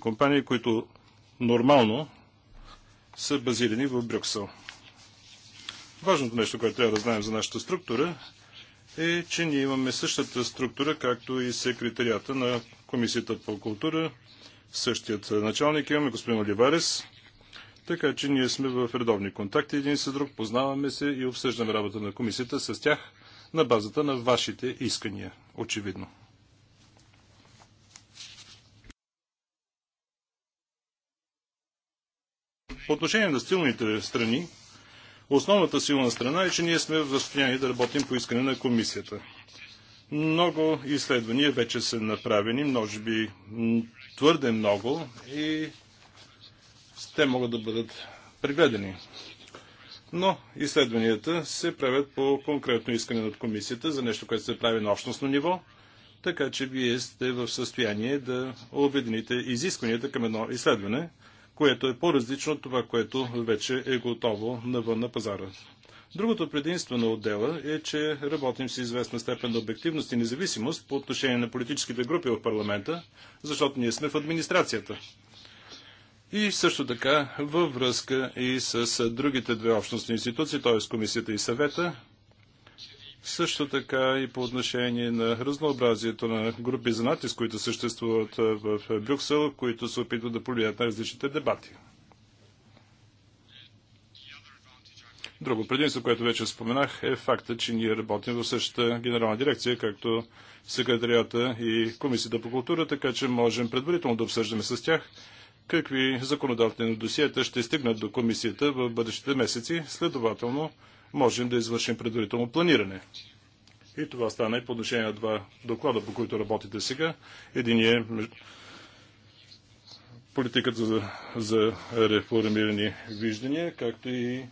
компании, които нормално са базирани в Брюксел. Важното нещо, което трябва да знаем за нашата структура е, че ние имаме същата структура, както и секретарията на Комисията по култура. Същият началник имаме господин Оливарес. Така че ние сме в редовни контакти един с друг, познаваме се и обсъждаме работа на комисията с тях на базата на вашите искания, очевидно. По отношение на силните страни, основната силна страна е, че ние сме в състояние да работим по искане на комисията. Много изследвания вече са направени, може би твърде много и те могат да бъдат прегледани. Но изследванията се правят по конкретно искане от комисията за нещо, което се прави на общностно ниво, така че вие сте в състояние да обедините изискванията към едно изследване – което е по-различно от това, което вече е готово навън на пазара. Другото предимство на отдела е, че работим с известна степен на обективност и независимост по отношение на политическите групи в парламента, защото ние сме в администрацията. И също така във връзка и с другите две общностни институции, т.е. комисията и съвета, също така и по отношение на разнообразието на групи за натиск, които съществуват в Брюксел, които се опитват да повлият на различните дебати. Друго предимство, което вече споменах, е факта, че ние работим в същата генерална дирекция, както секретарията и Комисията по култура, така че можем предварително да обсъждаме с тях какви законодателни досиета ще стигнат до комисията в бъдещите месеци. Следователно, можем да извършим предварително планиране. И това стана и по отношение на два доклада, по които работите сега. Един е политиката за, за реформирани виждания, както и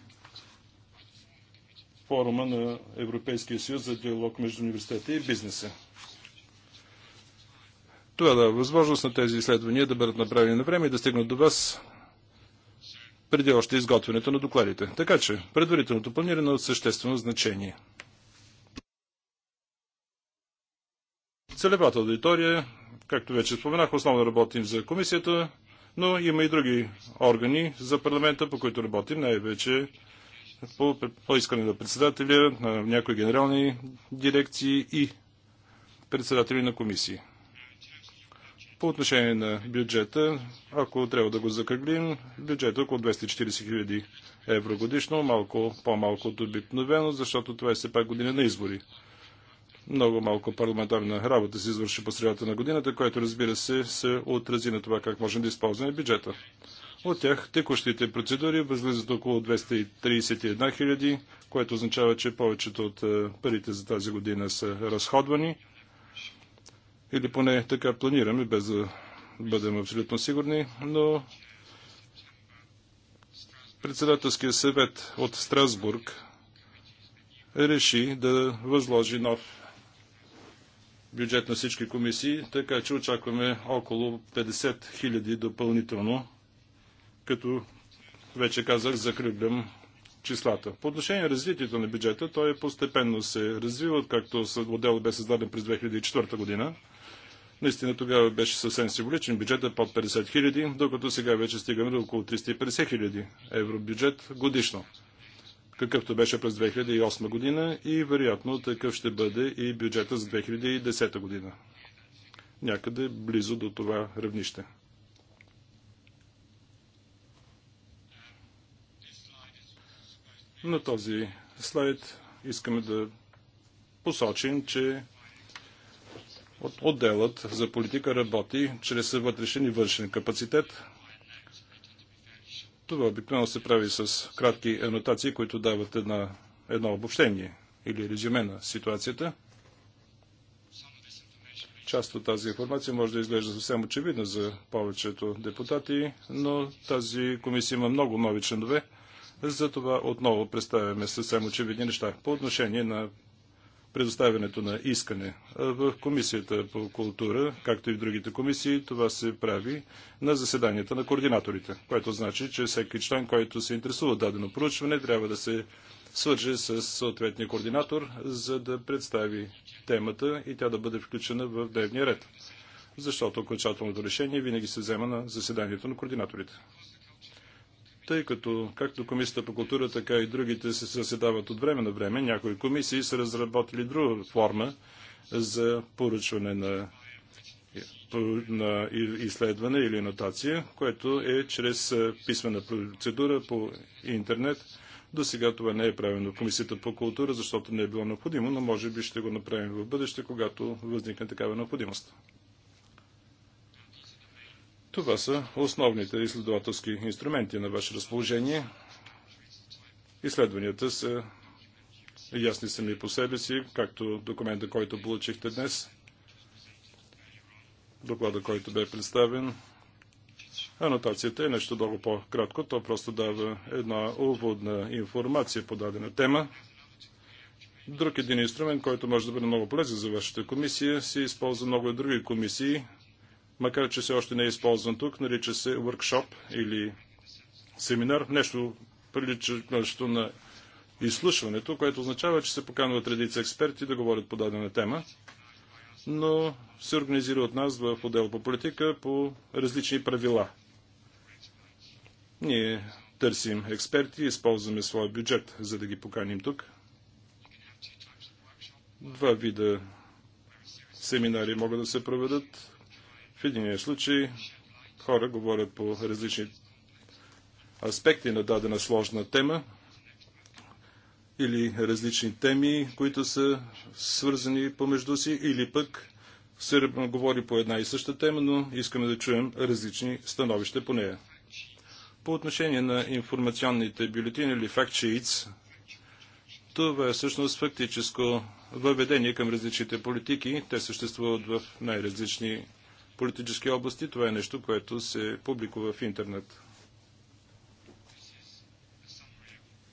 форума на Европейския съюз за диалог между университета и бизнеса. Това дава възможност на тези изследвания да бъдат направени на време и да стигнат до вас преди още изготвянето на докладите. Така че предварителното планиране е от съществено значение. Целевата аудитория, както вече споменах, основно работим за комисията, но има и други органи за парламента, по които работим, най-вече по, по искане на председателя, на някои генерални дирекции и председатели на комисии. По отношение на бюджета, ако трябва да го закръглим, бюджет е около 240 хиляди евро годишно, малко по-малко от обикновено, защото това е все пак година на избори. Много малко парламентарна работа се извърши по средата на годината, което разбира се се отрази на това как можем да използваме бюджета. От тях текущите процедури възлизат около 231 хиляди, което означава, че повечето от е, парите за тази година са разходвани – или поне така планираме, без да бъдем абсолютно сигурни, но председателския съвет от Страсбург реши да възложи нов бюджет на всички комисии, така че очакваме около 50 000 допълнително, като вече казах, закръглям числата. По отношение на развитието на бюджета, той е постепенно се развива, както отдел бе създаден през 2004 година. Наистина тогава беше съвсем символичен бюджет е под 50 хиляди, докато сега вече стигаме до около 350 хиляди евро бюджет годишно, какъвто беше през 2008 година и вероятно такъв ще бъде и бюджета за 2010 година. Някъде близо до това равнище. На този слайд искаме да посочим, че отделът за политика работи чрез вътрешен и външен капацитет. Това обикновено се прави с кратки анотации, които дават една, едно обобщение или резюме на ситуацията. Част от тази информация може да изглежда съвсем очевидна за повечето депутати, но тази комисия има много нови членове затова отново представяме съвсем очевидни неща. По отношение на предоставянето на искане. В Комисията по култура, както и в другите комисии, това се прави на заседанията на координаторите, което значи, че всеки член, който се интересува дадено проучване, трябва да се свърже с съответния координатор, за да представи темата и тя да бъде включена в дневния ред. Защото окончателното решение винаги се взема на заседанието на координаторите тъй като както Комисията по култура, така и другите се съседават от време на време. Някои комисии са разработили друга форма за поръчване на, на изследване или нотация, което е чрез писмена процедура по интернет. До сега това не е правено в Комисията по култура, защото не е било необходимо, но може би ще го направим в бъдеще, когато възникне такава необходимост. Това са основните изследователски инструменти на ваше разположение. Изследванията са ясни сами по себе си, както документа, който получихте днес, доклада, който бе представен. Анотацията е нещо много по-кратко. То просто дава една уводна информация по дадена тема. Друг един инструмент, който може да бъде много полезен за вашата комисия, се използва много и други комисии – макар че все още не е използван тук, нарича се workshop или семинар, нещо приличащо на изслушването, което означава, че се поканват редица експерти да говорят по дадена тема, но се организира от нас в отдел по политика по различни правила. Ние търсим експерти, използваме своя бюджет, за да ги поканим тук. Два вида семинари могат да се проведат в единия случай хора говорят по различни аспекти на дадена сложна тема или различни теми, които са свързани помежду си, или пък се говори по една и съща тема, но искаме да чуем различни становища по нея. По отношение на информационните бюлетини или fact това е всъщност фактическо въведение към различните политики. Те съществуват в най-различни политически области. Това е нещо, което се публикува в интернет.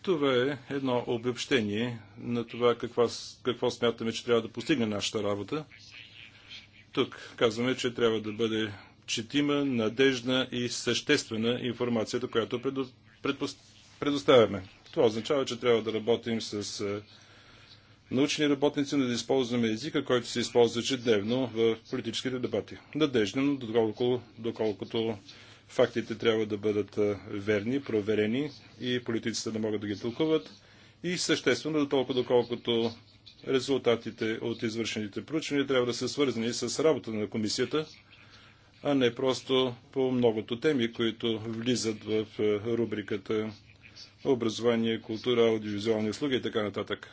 Това е едно обобщение на това какво, какво смятаме, че трябва да постигне нашата работа. Тук казваме, че трябва да бъде четима, надежна и съществена информацията, която предо... предпо, предоставяме. Това означава, че трябва да работим с научни работници, но да използваме езика, който се използва ежедневно в политическите дебати. но доколко, доколкото фактите трябва да бъдат верни, проверени и политиците да могат да ги тълкуват и съществено до толкова доколкото резултатите от извършените проучвания трябва да са свързани с работата на комисията, а не просто по многото теми, които влизат в рубриката образование, култура, аудиовизуални услуги и така нататък.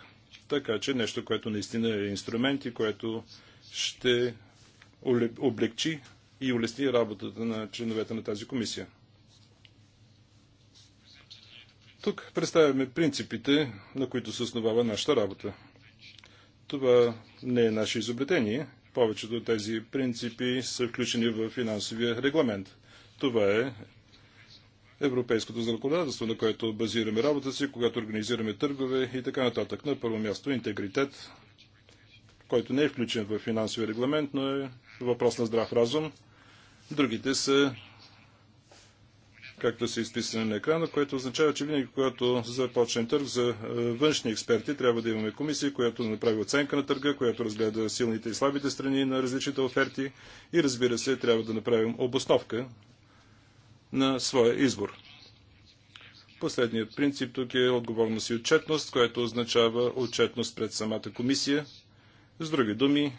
Така че нещо, което наистина е инструмент и което ще облегчи и улесни работата на членовете на тази комисия. Тук представяме принципите, на които се основава нашата работа. Това не е наше изобретение. Повечето от тези принципи са включени в финансовия регламент. Това е европейското законодателство, на което базираме работа си, когато организираме търгове и така нататък. На първо място интегритет, който не е включен в финансовия регламент, но е въпрос на здрав разум. Другите са както са изписани на екрана, което означава, че винаги, когато започнем търг за е, външни експерти, трябва да имаме комисия, която направи оценка на търга, която разгледа силните и слабите страни на различните оферти и разбира се, трябва да направим обосновка на своя избор. Последният принцип тук е отговорност и отчетност, което означава отчетност пред самата комисия. С други думи,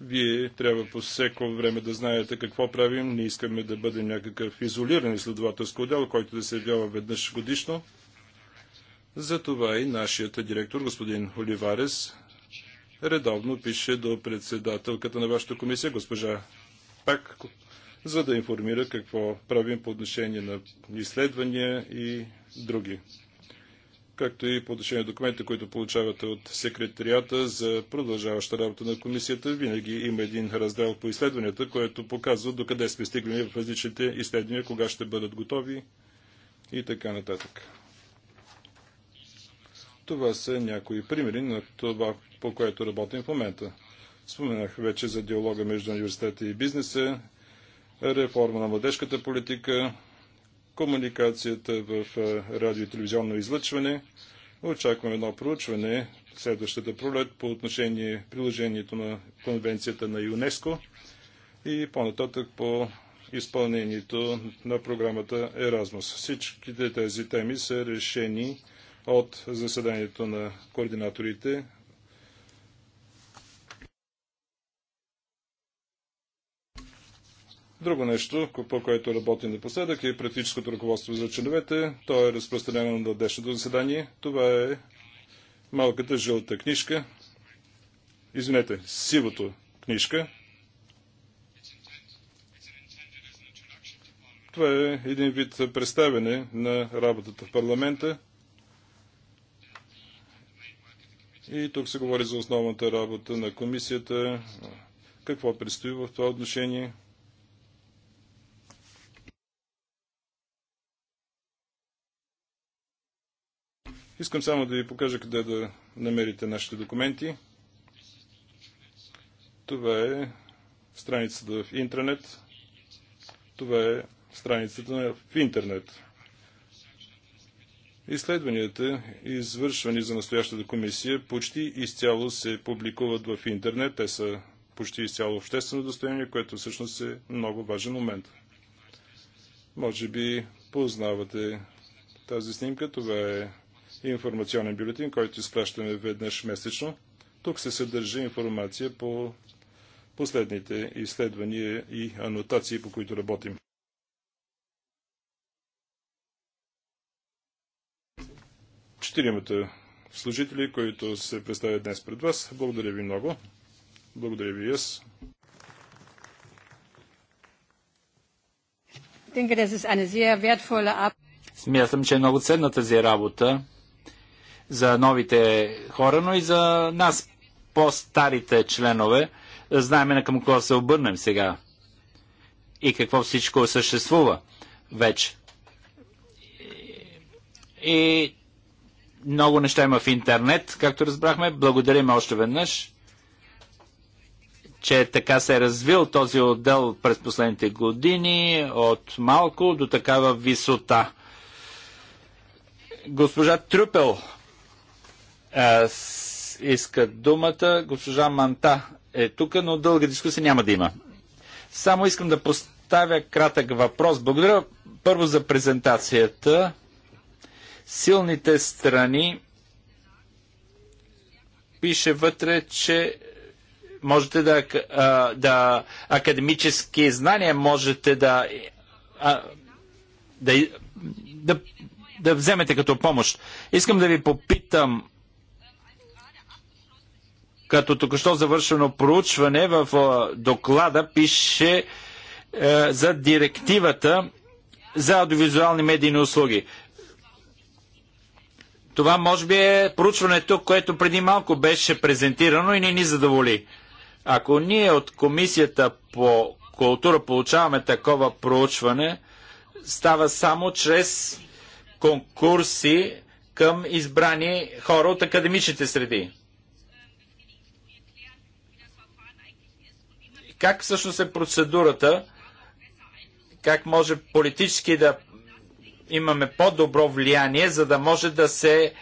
вие трябва по всеко време да знаете какво правим. Не искаме да бъдем някакъв изолиран изследователско отдел, който да се явява веднъж годишно. Затова и нашият директор, господин Оливарес, редовно пише до председателката на вашата комисия, госпожа Пак, за да информира какво правим по отношение на изследвания и други. Както и по отношение на документите, които получавате от секретарията за продължаваща работа на комисията, винаги има един раздел по изследванията, което показва докъде сме стигнали в различните изследвания, кога ще бъдат готови и така нататък. Това са някои примери на това, по което работим в момента. Споменах вече за диалога между университета и бизнеса, реформа на младежката политика, комуникацията в е, радио и телевизионно излъчване. Очакваме едно проучване следващата пролет по отношение приложението на конвенцията на ЮНЕСКО и по-нататък по изпълнението на програмата Еразмус. Всичките тези теми са решени от заседанието на координаторите Друго нещо, по което работи напоследък е практическото ръководство за членовете. То е разпространено на днешното заседание. Това е малката жълта книжка. Извинете, сивото книжка. Това е един вид представяне на работата в парламента. И тук се говори за основната работа на комисията, какво предстои в това отношение – Искам само да ви покажа къде да намерите нашите документи. Това е страницата в интернет. Това е страницата в интернет. Изследванията, извършвани за настоящата комисия, почти изцяло се публикуват в интернет. Те са почти изцяло обществено достояние, което всъщност е много важен момент. Може би познавате тази снимка. Това е информационен бюлетин, който изпращаме веднъж месечно. Тук се съдържа информация по последните изследвания и анотации, по които работим. Четиримата служители, които се представят днес пред вас. Благодаря ви много. Благодаря ви и аз. Смятам, че е много ценна тази работа за новите хора, но и за нас, по-старите членове, да знаеме на към кого се обърнем сега и какво всичко съществува вече. И много неща има в интернет, както разбрахме. Благодарим още веднъж, че така се е развил този отдел през последните години от малко до такава висота. Госпожа Трюпел а, с, искат думата. Госпожа Манта е тук, но дълга дискусия няма да има. Само искам да поставя кратък въпрос. Благодаря първо за презентацията. Силните страни пише вътре, че можете да, да академически знания можете да, да, да, да вземете като помощ. Искам да ви попитам като току-що завършено проучване в доклада пише е, за директивата за аудиовизуални медийни услуги. Това може би е проучването, което преди малко беше презентирано и не ни задоволи. Ако ние от Комисията по култура получаваме такова проучване, става само чрез конкурси към избрани хора от академичните среди. Как всъщност е процедурата? Как може политически да имаме по-добро влияние, за да може да се,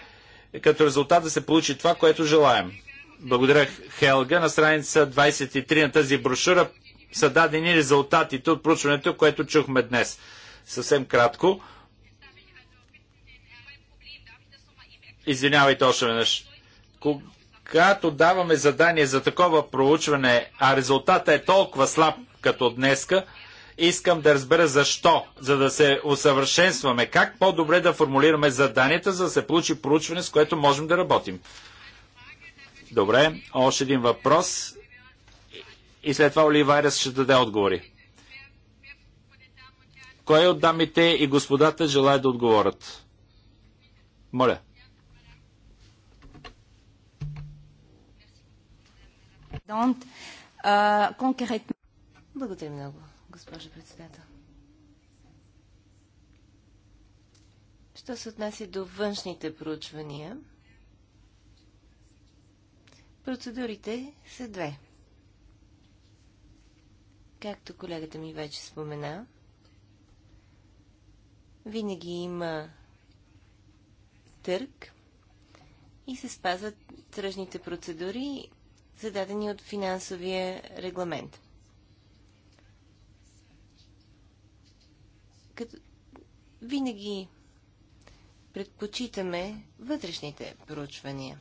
като резултат да се получи това, което желаем? Благодаря, Хелга. На страница 23 на тази брошура са дадени резултатите от проучването, което чухме днес. Съвсем кратко. Извинявайте още веднъж когато даваме задание за такова проучване, а резултата е толкова слаб като днеска, искам да разбера защо, за да се усъвършенстваме. Как по-добре да формулираме заданията, за да се получи проучване, с което можем да работим? Добре, още един въпрос и след това Оливайрес ще даде отговори. Кой от дамите и господата желая да отговорят? Моля. Президент. Конкретно. Благодаря много, госпожа председател. Що се отнася до външните проучвания, процедурите са две. Както колегата ми вече спомена, винаги има търг и се спазват тръжните процедури зададени от финансовия регламент. Като винаги предпочитаме вътрешните проучвания.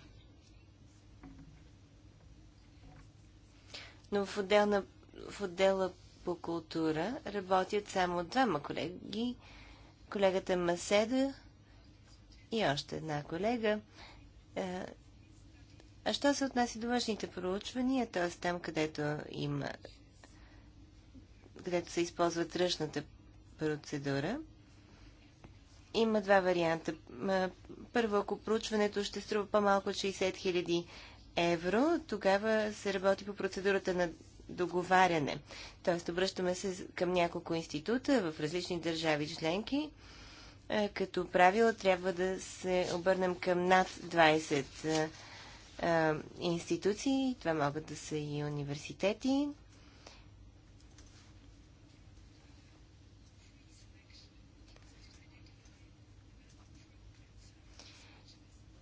Но в, отделна, в отдела по култура работят само двама колеги. Колегата Маседа и още една колега е, а що се отнася до външните проучвания, т.е. там, където има където се използва тръжната процедура, има два варианта. Първо, ако проучването ще струва по-малко от 60 000 евро, тогава се работи по процедурата на договаряне. Тоест, обръщаме се към няколко института в различни държави членки. Е, като правило трябва да се обърнем към над 20 е, институции, това могат да са и университети.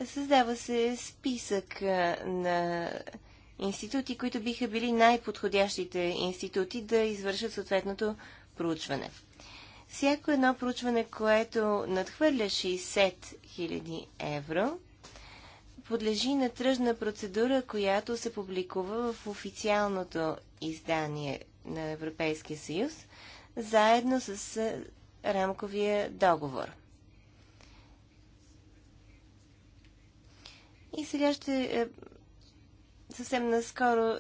Създава се списък е, на институти, които биха били най-подходящите институти да извършат съответното проучване. Всяко едно проучване, което надхвърля 60 000 евро, подлежи на тръжна процедура, която се публикува в официалното издание на Европейския съюз, заедно с рамковия договор. И сега ще съвсем наскоро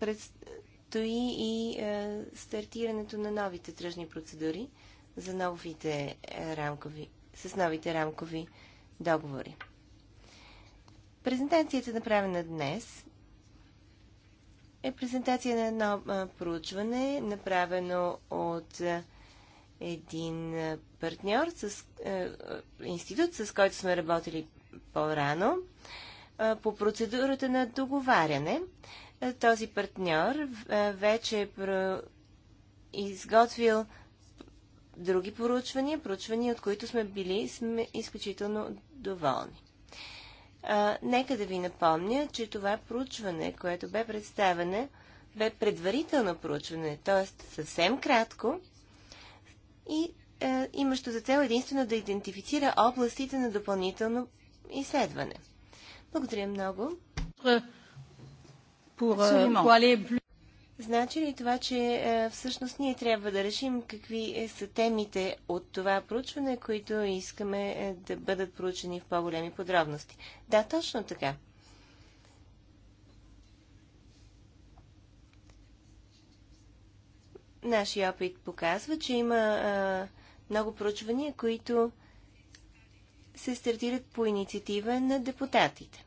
предстои и стартирането на новите тръжни процедури за новите рамкови, с новите рамкови договори. Презентацията, направена днес, е презентация на едно проучване, направено от един партньор, с, институт, с който сме работили по-рано, по процедурата на договаряне. Този партньор вече е про... изготвил други поручвания, поручвания, от които сме били сме изключително доволни. А, нека да ви напомня, че това проучване, което бе представено, бе предварително проучване, т.е. съвсем кратко и е, имащо за цел единствено да идентифицира областите на допълнително изследване. Благодаря много. Абсолютно. Значи ли това, че е, всъщност ние трябва да решим какви е, са темите от това проучване, които искаме е, да бъдат проучени в по-големи подробности? Да, точно така. Нашия опит показва, че има много проучвания, които се стартират по инициатива на депутатите.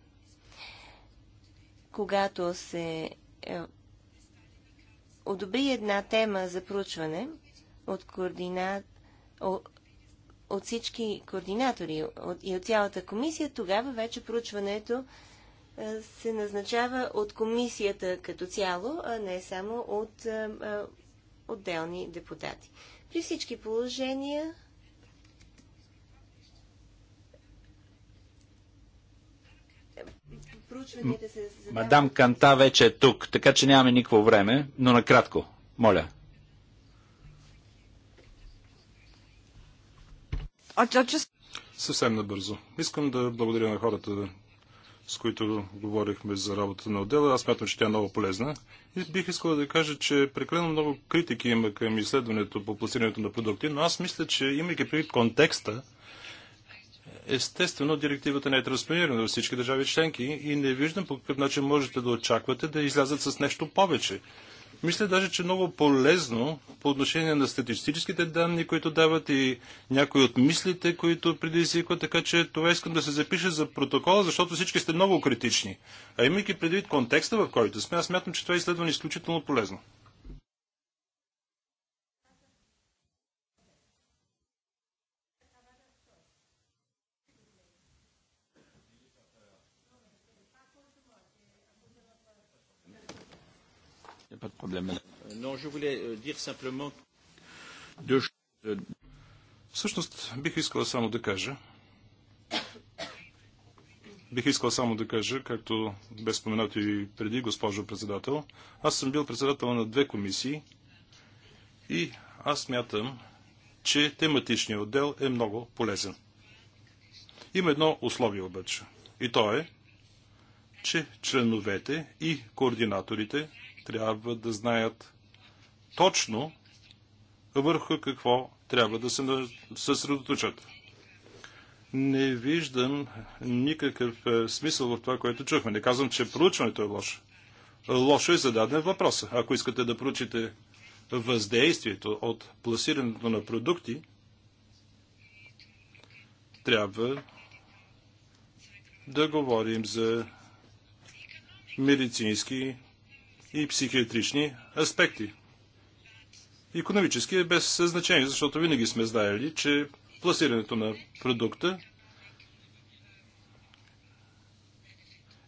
Когато се одобри една тема за проучване от, координа... от всички координатори и от цялата комисия, тогава вече проучването е, се назначава от комисията като цяло, а не само от е, е, отделни депутати. При всички положения Мадам Канта вече е тук, така че нямаме никакво време, но накратко, моля. Съвсем набързо. Искам да благодаря на хората, с които говорихме за работата на отдела. Аз мятам, че тя е много полезна. И бих искал да кажа, че прекалено много критики има към изследването по пласирането на продукти, но аз мисля, че имайки предвид контекста, Естествено, директивата не е транспонирана във всички държави членки и не виждам по какъв начин можете да очаквате да излязат с нещо повече. Мисля даже, че много полезно по отношение на статистическите данни, които дават и някои от мислите, които предизвикват, така че това искам да се запише за протокола, защото всички сте много критични. А имайки предвид контекста, в който сме, аз смятам, че това изследване е изключително полезно. pas de problème. Euh, non, je voulais euh, dire simplement deux Всъщност, бих искал само да кажа, бих искал само да кажа, както бе споменато и преди, госпожо председател, аз съм бил председател на две комисии и аз мятам, че тематичният отдел е много полезен. Има едно условие обаче. И то е, че членовете и координаторите трябва да знаят точно върху какво трябва да се съсредоточат. Не виждам никакъв е, смисъл в това, което чухме. Не казвам, че проучването е лошо. Лошо е зададен въпрос. Ако искате да проучите въздействието от пласирането на продукти, трябва да говорим за медицински и психиатрични аспекти. Економически е без значение, защото винаги сме знаели, че пласирането на продукта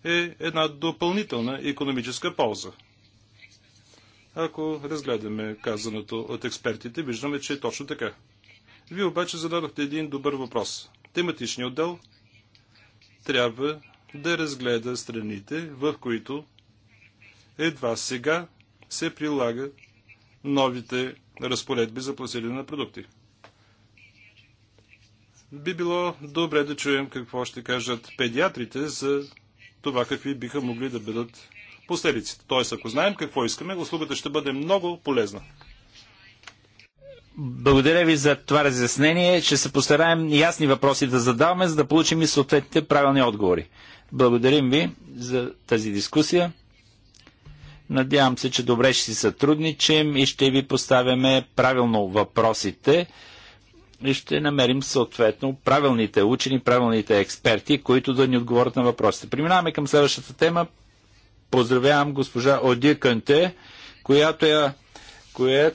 е една допълнителна економическа полза. Ако разгледаме казаното от експертите, виждаме, че е точно така. Вие обаче зададохте един добър въпрос. Тематичният отдел трябва да разгледа страните, в които едва сега се прилага новите разпоредби за пласиране на продукти. Би било добре да чуем какво ще кажат педиатрите за това какви биха могли да бъдат последиците. Тоест, ако знаем какво искаме, услугата ще бъде много полезна. Благодаря ви за това разяснение. Ще се постараем ясни въпроси да задаваме, за да получим и съответните правилни отговори. Благодарим ви за тази дискусия. Надявам се, че добре ще си сътрудничим и ще ви поставяме правилно въпросите и ще намерим съответно правилните учени, правилните експерти, които да ни отговорят на въпросите. Преминаваме към следващата тема. Поздравявам госпожа Оди Кънте, която е, коя,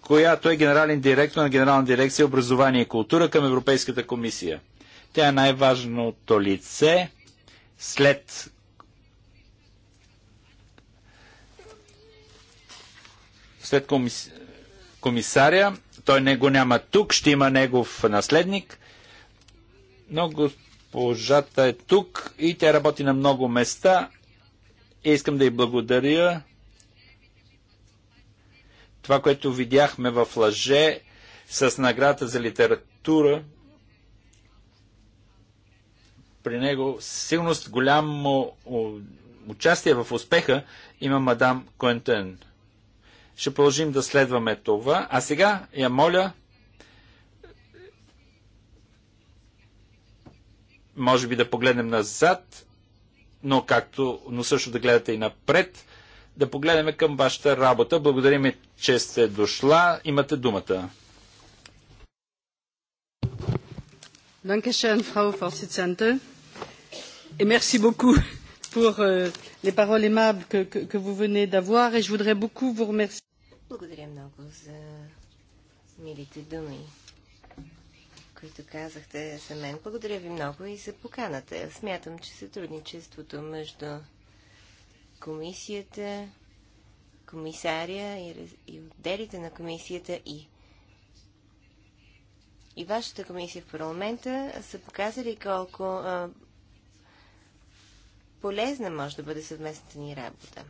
която е генерален директор на Генерална дирекция образование и култура към Европейската комисия. Тя е най-важното лице след след комис... комисаря. Той не го няма тук, ще има негов наследник. Но госпожата е тук и тя работи на много места. И искам да й благодаря. Това, което видяхме в Лъже с награда за литература, при него сигурност голямо участие в успеха има мадам Куентен. Ще продължим да следваме това. А сега я моля, може би да погледнем назад, но, както, но също да гледате и напред, да погледнем към вашата работа. Благодарим, че сте дошла. Имате думата. Dankeschön, Frau Vorsitzende. merci beaucoup pour euh, les paroles aimables que, vous venez d'avoir et je voudrais beaucoup vous remercier. Благодаря много за милите думи, които казахте за мен. Благодаря ви много и за поканата. Смятам, че сътрудничеството между комисията, комисаря и, и отделите на комисията и и вашата комисия в парламента са показали колко а, полезна може да бъде съвместната ни работа.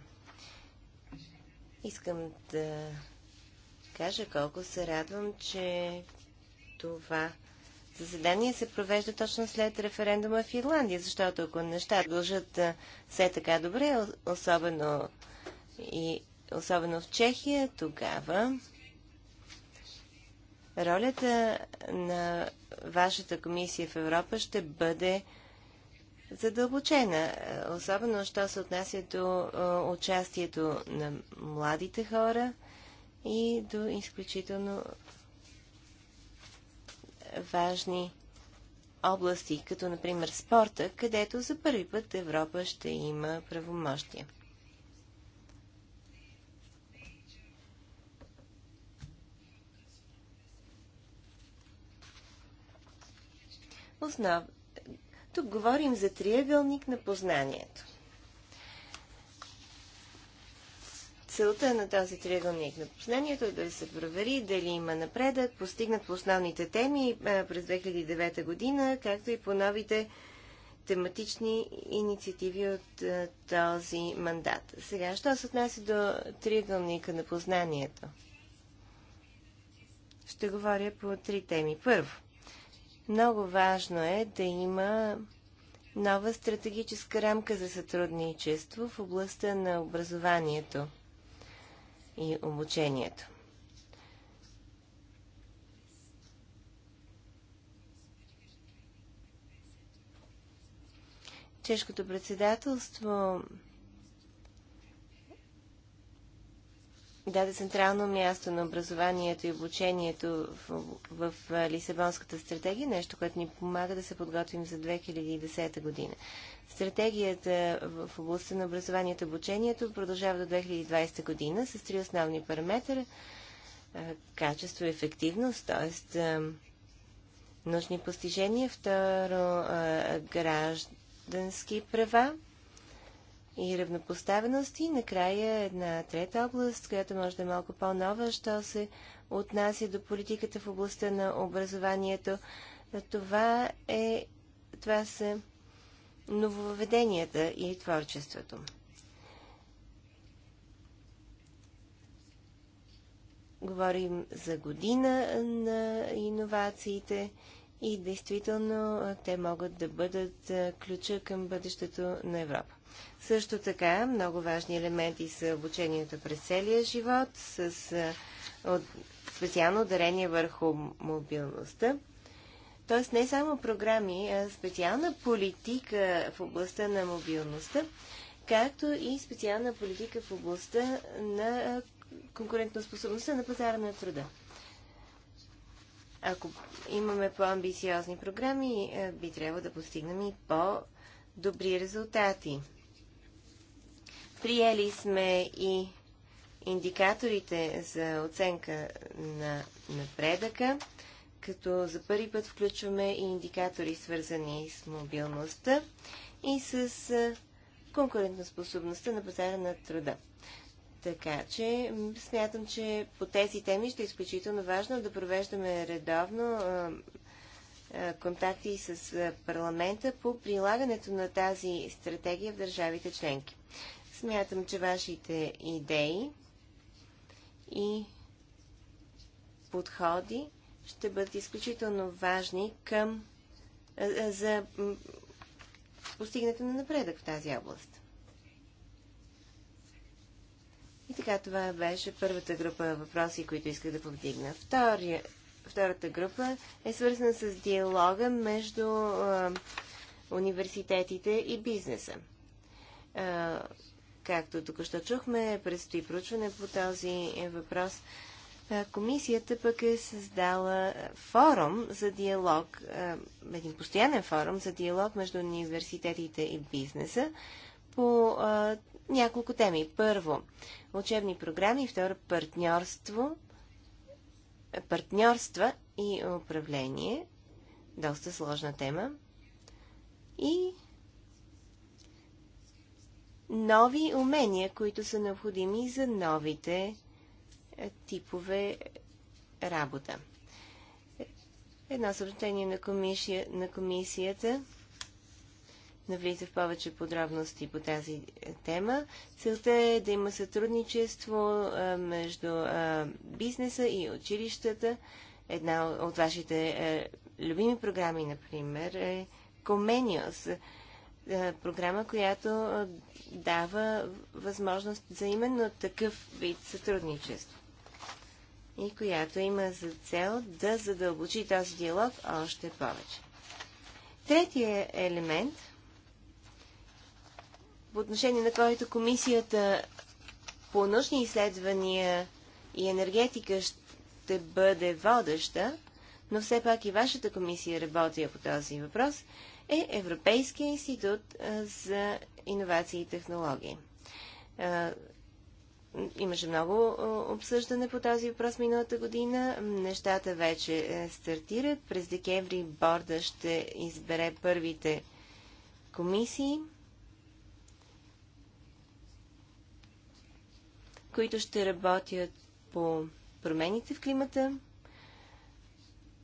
Искам да кажа колко се радвам, че това заседание се провежда точно след референдума в Ирландия, защото ако неща дължат все така добре, особено и особено в Чехия, тогава ролята на вашата комисия в Европа ще бъде задълбочена, е, особено що се отнася до е, участието на младите хора и до изключително важни области, като например спорта, където за първи път Европа ще има правомощия. Основ, тук говорим за триъгълник на познанието. Целта на този триъгълник на познанието е да се провери дали има напредък, постигнат по основните теми е, през 2009 година, както и по новите тематични инициативи от е, този мандат. Сега, що се отнася до триъгълника на познанието? Ще говоря по три теми. Първо, много важно е да има нова стратегическа рамка за сътрудничество в областта на образованието и обучението. Чешкото председателство даде централно място на образованието и обучението в, в, в Лисабонската стратегия, нещо, което ни помага да се подготвим за 2010 година. Стратегията в, в областта на образованието и обучението продължава до 2020 година с три основни параметъра качество и ефективност, т.е. нужни постижения, второ граждански права и равнопоставеност и накрая една трета област, която може да е малко по-нова, що се отнася до политиката в областта на образованието. Това е това са нововведенията и творчеството. Говорим за година на иновациите и действително те могат да бъдат ключа към бъдещето на Европа. Също така, много важни елементи са обучението през целия живот, с от, специално ударение върху мобилността. Тоест не само програми, а специална политика в областта на мобилността, както и специална политика в областта на конкурентоспособността на пазара на труда. Ако имаме по-амбициозни програми, би трябвало да постигнем и по-добри резултати. Приели сме и индикаторите за оценка на напредъка, като за първи път включваме и индикатори, свързани с мобилността и с конкурентоспособността на пазара на труда. Така че смятам, че по тези теми ще е изключително важно да провеждаме редовно контакти с парламента по прилагането на тази стратегия в държавите членки. Смятам, че вашите идеи и подходи ще бъдат изключително важни към, за постигането на напредък в тази област. И така, това беше първата група въпроси, които исках да повдигна. Втория, втората група е свързана с диалога между а, университетите и бизнеса. А, Както тук ще чухме, предстои проучване по този е, въпрос. Комисията пък е създала форум за диалог, един постоянен форум за диалог между университетите и бизнеса по няколко теми. Първо, учебни програми, второ, партньорство, партньорства и управление, доста сложна тема. И нови умения, които са необходими за новите е, типове работа. Едно съобщение на, комисия, на комисията навлиза в повече подробности по тази е, тема. Целта е да има сътрудничество е, между бизнеса и училищата. Една от вашите любими програми, например, е Comenius – е, програма, която е, дава възможност за именно такъв вид сътрудничество и която има за цел да задълбочи този диалог още повече. Третия елемент, по отношение на който комисията по научни изследвания и енергетика ще бъде водеща, но все пак и вашата комисия работи по този въпрос – е Европейския институт за иновации и технологии. Имаше много обсъждане по този въпрос миналата година. Нещата вече е, стартират. През декември борда ще избере първите комисии, които ще работят по промените в климата,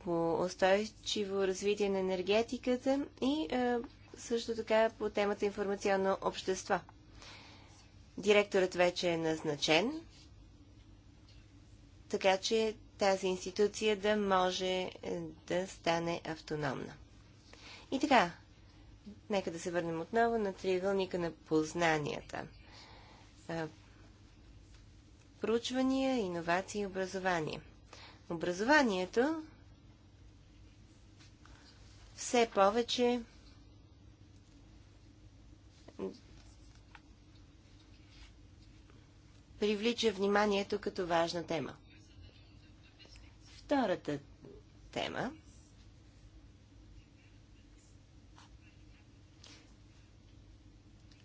по устойчиво развитие на енергетиката и също така по темата информационно общество. Директорът вече е назначен, така че тази институция да може е, да стане автономна. И така, нека да се върнем отново на триъгълника на познанията. Проучвания, иновации и образование. Образованието все повече привлича вниманието като важна тема. Втората тема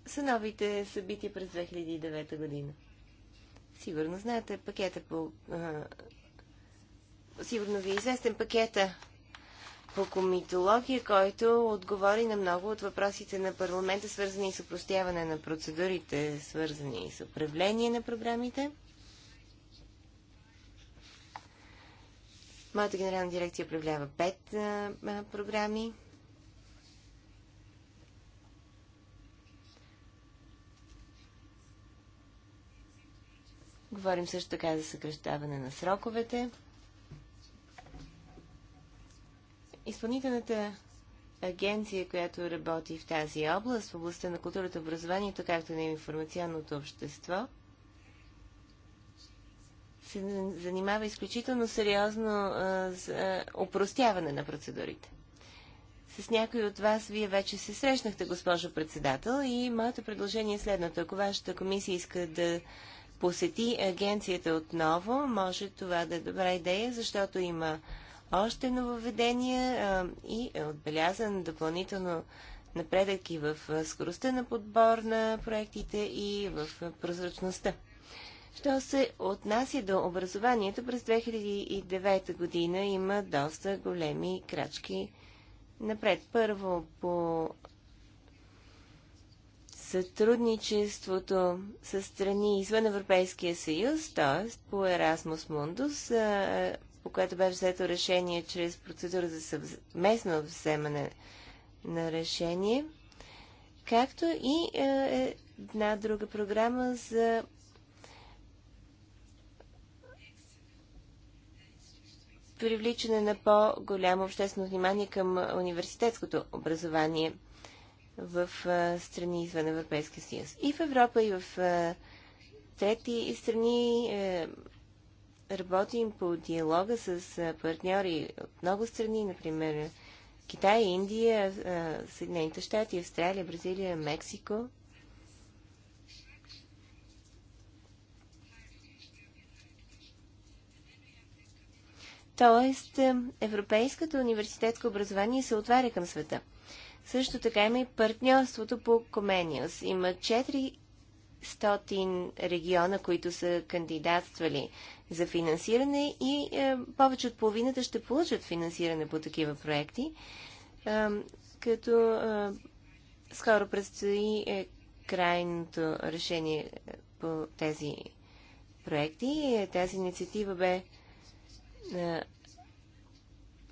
са новите събития през 2009 година. Сигурно знаете пакета по... А, сигурно ви е известен пакета по комитология, който отговори на много от въпросите на парламента, свързани с упростяване на процедурите, свързани с управление на програмите. Моята генерална дирекция управлява пет а, а, програми. Говорим също така за съкръщаване на сроковете. изпълнителната агенция, която работи в тази област, в областта на културата, образованието, както и на информационното общество, се занимава изключително сериозно с опростяване на процедурите. С някой от вас вие вече се срещнахте, госпожо председател, и моето предложение е следното. Ако вашата комисия иска да посети агенцията отново, може това да е добра идея, защото има още нововведения и е отбелязан допълнително напредък и в скоростта на подбор на проектите и в прозрачността. Що се отнася до образованието, през 2009 година има доста големи крачки напред. Първо по сътрудничеството с страни извън Европейския съюз, т.е. по Erasmus Mundus, по която бе взето решение чрез процедура за съвместно вземане на решение, както и е, е, една друга програма за привличане на по-голямо обществено внимание към университетското образование в е, страни извън Европейския съюз. И в Европа, и в е, трети страни, работим по диалога с партньори от много страни, например Китай, Индия, Съединените щати, Австралия, Бразилия, Мексико. Тоест, Европейското университетско образование се отваря към света. Също така има и партньорството по Комениус. Има 400 региона, които са кандидатствали за финансиране и е, повече от половината ще получат финансиране по такива проекти, е, като е, скоро предстои е, крайното решение е, по тези проекти. Е, тази инициатива бе е,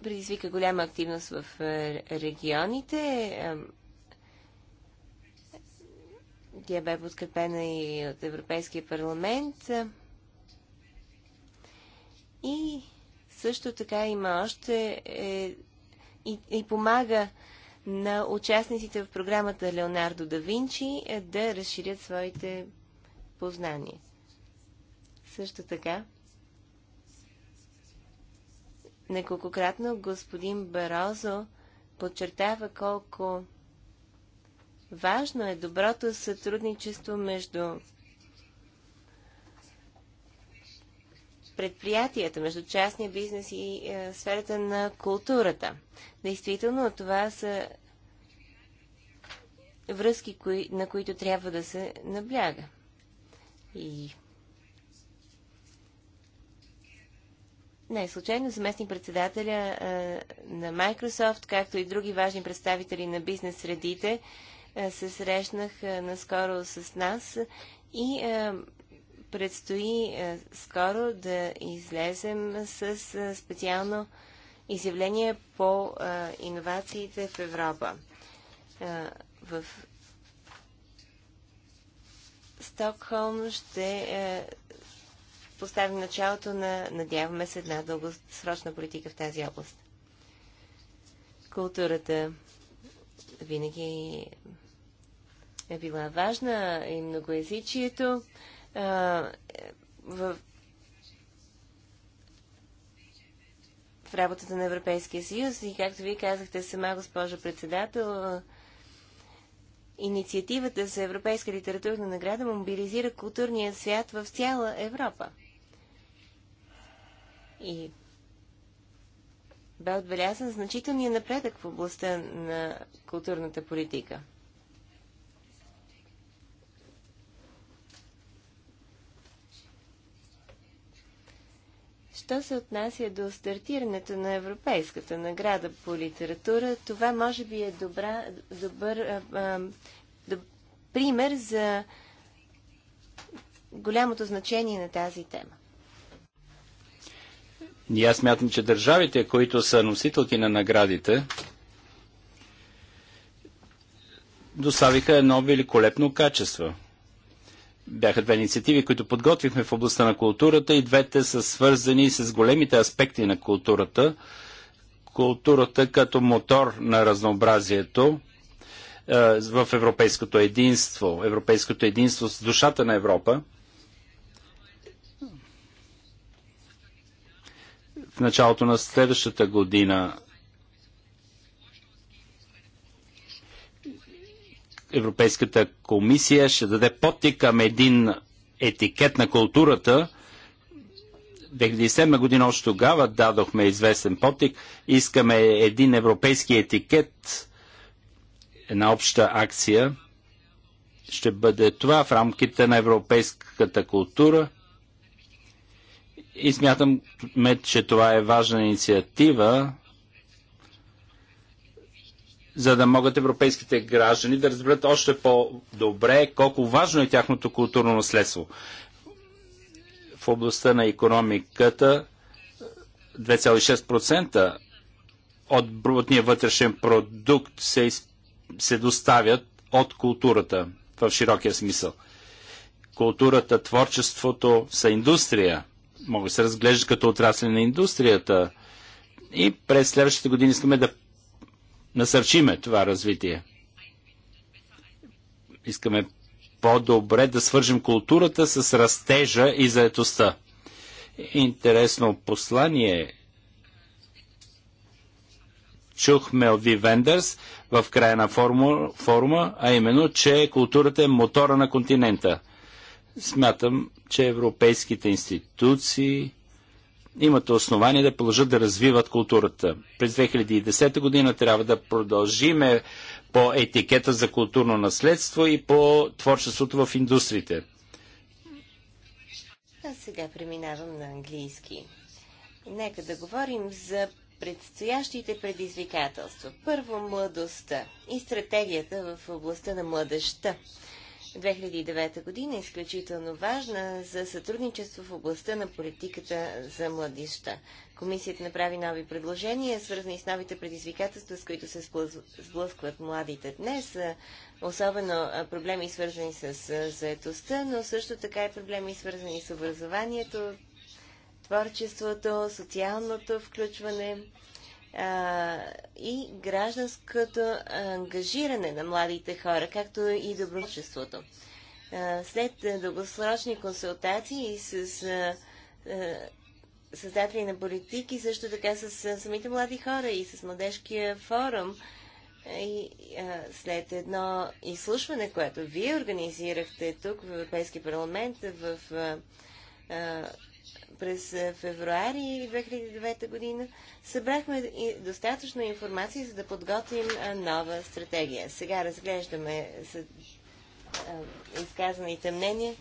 предизвика голяма активност в е, регионите. Тя бе подкрепена и от Европейския парламент. И също така има още е, и, и помага на участниците в програмата Леонардо да Винчи е, да разширят своите познания. Също така, неколкократно господин Барозо подчертава колко важно е доброто сътрудничество между предприятията, между частния бизнес и е, сферата на културата. Действително, това са връзки, кои, на които трябва да се набляга. И Не, случайно заместник председателя а, е, на Microsoft, както и други важни представители на бизнес средите, а, е, се срещнах а, е, наскоро с нас и предстои е, скоро да излезем с е, специално изявление по е, иновациите в Европа. В Стокхолм ще поставим началото на, надяваме се, една дългосрочна политика в тази област. Културата винаги е била важна и многоязичието в, в работата на Европейския съюз и както вие казахте сама, госпожа председател, инициативата за Европейска литературна награда мобилизира културния свят в цяла Европа. И бе отбелязан значителния напредък в областта на културната политика – Що се отнася до стартирането на Европейската награда по литература, това може би е добра, добър а, а, доб, пример за голямото значение на тази тема. И аз мятам, че държавите, които са носителки на наградите, доставиха едно великолепно качество – бяха две инициативи, които подготвихме в областта на културата и двете са свързани с големите аспекти на културата. Културата като мотор на разнообразието е, в европейското единство, европейското единство с душата на Европа. В началото на следващата година Европейската комисия ще даде потик към един етикет на културата. 2007 година още тогава дадохме известен потик. Искаме един европейски етикет, една обща акция. Ще бъде това в рамките на европейската култура. И смятам, че това е важна инициатива, за да могат европейските граждани да разберат още по-добре колко важно е тяхното културно наследство. В областта на економиката 2,6% от брутния вътрешен продукт се, се доставят от културата в широкия смисъл. Културата, творчеството са индустрия. Могат да се разглеждат като отрасли на индустрията. И през следващите години искаме да насърчиме това развитие. Искаме по-добре да свържем културата с растежа и заетостта. Интересно послание чухме от Ви Вендърс в края на форума, а именно, че културата е мотора на континента. Смятам, че европейските институции имат основание да продължат да развиват културата. През 2010 година трябва да продължиме по етикета за културно наследство и по творчеството в индустриите. Аз сега преминавам на английски. Нека да говорим за предстоящите предизвикателства. Първо младостта и стратегията в областта на младеща. 2009 година е изключително важна за сътрудничество в областта на политиката за младища. Комисията направи нови предложения, свързани с новите предизвикателства, с които се сблъскват младите днес, особено проблеми свързани с заетостта, но също така и проблеми свързани с образованието, творчеството, социалното включване, а, и гражданското ангажиране на младите хора, както и доброчеството. След дългосрочни консултации с а, а, създатели на политики, също така с самите млади хора и с младежкия форум, и а, след едно изслушване, което вие организирахте тук в Европейски парламент в а, а, през е, февруари 2009 година, събрахме достатъчно информация, за да подготвим е, нова стратегия. Сега разглеждаме е, изказаните мнения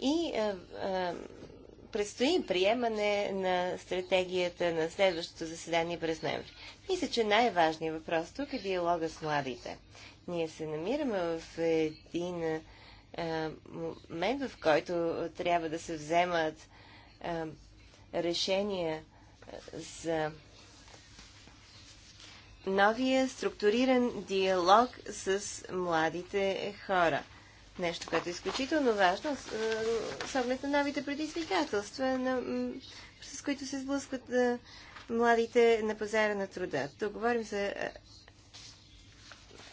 и предстои приемане на стратегията на следващото заседание през ноември. Мисля, че най-важният въпрос тук е диалога с младите. Ние се намираме в един е, момент, в който трябва да се вземат е, решения за новия структуриран диалог с младите хора. Нещо, което е изключително важно с е, оглед на новите предизвикателства, с които се сблъскват младите на пазара на труда. Тук говорим за.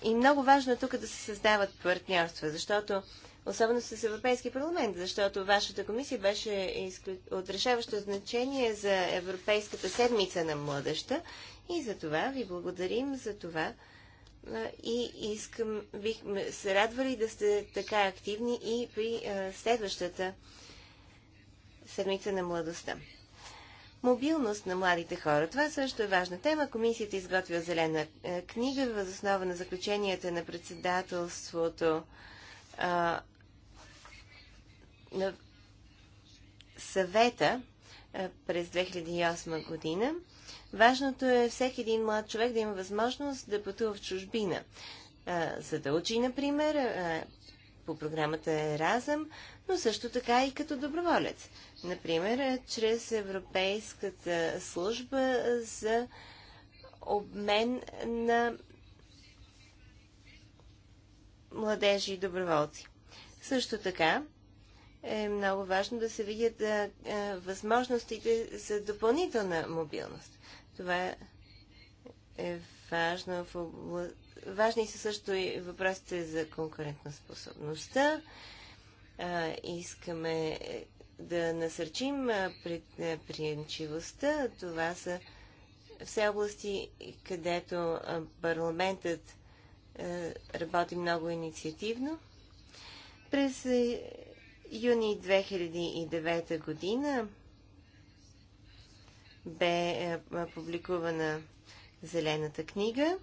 и много важно е тук да се създават партньорства, защото особено с Европейски парламент, защото вашата комисия беше изклю... от решаващо значение за Европейската седмица на младеща и за това ви благодарим за това и искам, бихме се радвали да сте така активни и при следващата седмица на младостта. Мобилност на младите хора. Това също е важна тема. Комисията изготвя зелена книга въз основа на заключенията на председателството съвета през 2008 година. Важното е всеки един млад човек да има възможност да пътува в чужбина. За да учи, например, по програмата Еразъм, но също така и като доброволец. Например, чрез Европейската служба за обмен на младежи и доброволци. Също така, е много важно да се видят а, а, възможностите за допълнителна мобилност. Това е важно в обла... Важни са също и въпросите за конкурентоспособността. А, искаме е, да насърчим предприемчивостта. Е, Това са все области, където парламентът е, работи много инициативно. През юни 2009 година бе е, публикувана Зелената книга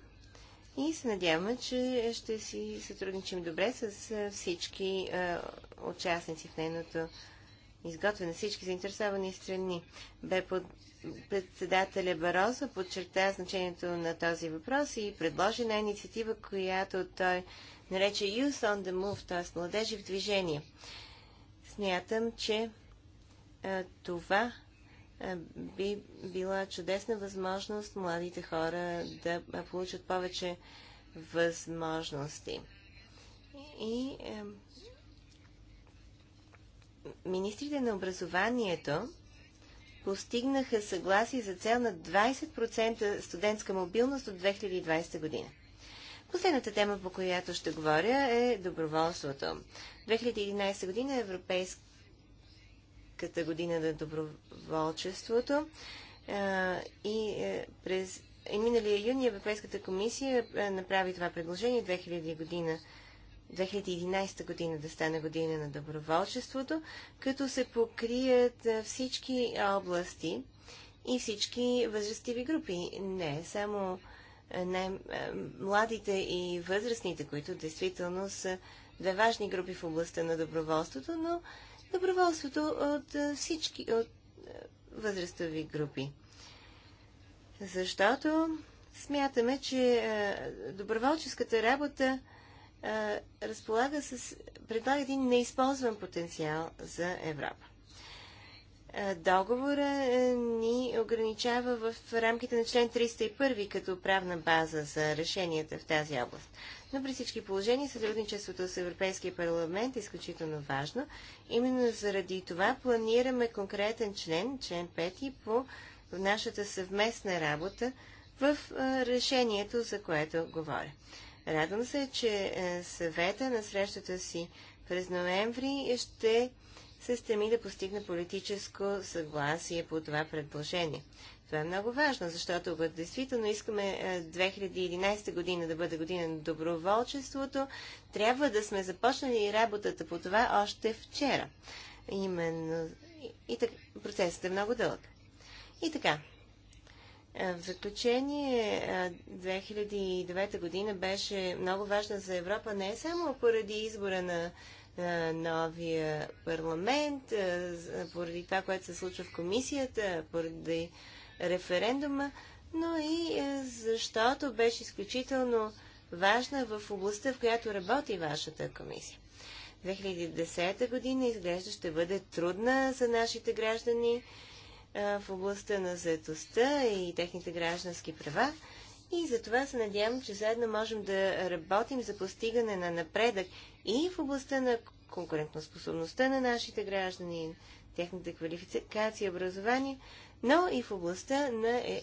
и се надяваме, че ще си сътрудничим добре с е, всички е, участници в нейното изготвяне, всички заинтересовани страни. Бе под председателя Бароза подчерта значението на този въпрос и предложи на инициатива, която той нарече Youth on the Move, т.е. младежи в движение. Смятам, че това би била чудесна възможност младите хора да получат повече възможности. И а, министрите на образованието постигнаха съгласие за цел на 20% студентска мобилност от 2020 година. Последната тема, по която ще говоря, е доброволството. 2011 година е Европейската година на доброволчеството и е, през и миналия юни Европейската комисия е, направи това предложение 2000 година, 2011 година да стане година на доброволчеството, като се покрият е, всички области и всички възрастиви групи. Не само най-младите е, и възрастните, които действително са две важни групи в областта на доброволството, но доброволството от е, всички от е, възрастови групи. Защото смятаме, че доброволческата работа разполага с, предлага един неизползван потенциал за Европа. Е, договора е, ни ограничава в рамките на член 301 като правна база за решенията в тази област. Но при всички положения сътрудничеството с Европейския парламент е изключително важно. Именно заради това планираме конкретен член, член 5 по нашата съвместна работа в е, решението, за което говоря. Радвам се, че съвета на срещата си през ноември ще се стреми да постигне политическо съгласие по това предложение. Това е много важно, защото ако действително искаме 2011 е, година да бъде година на доброволчеството, трябва да сме започнали работата по това още вчера. Именно. И така, процесът е много дълъг. И така. Е, в заключение, 2009 е, година беше много важна за Европа не само поради избора на новия парламент, поради това, което се случва в комисията, поради референдума, но и защото беше изключително важна в областта, в която работи вашата комисия. 2010 година изглежда ще бъде трудна за нашите граждани в областта на заетостта и техните граждански права. И затова се надявам, че заедно можем да работим за постигане на напредък и в областта на конкурентоспособността на нашите граждани, квалификации квалификация, образование, но и в областта на е,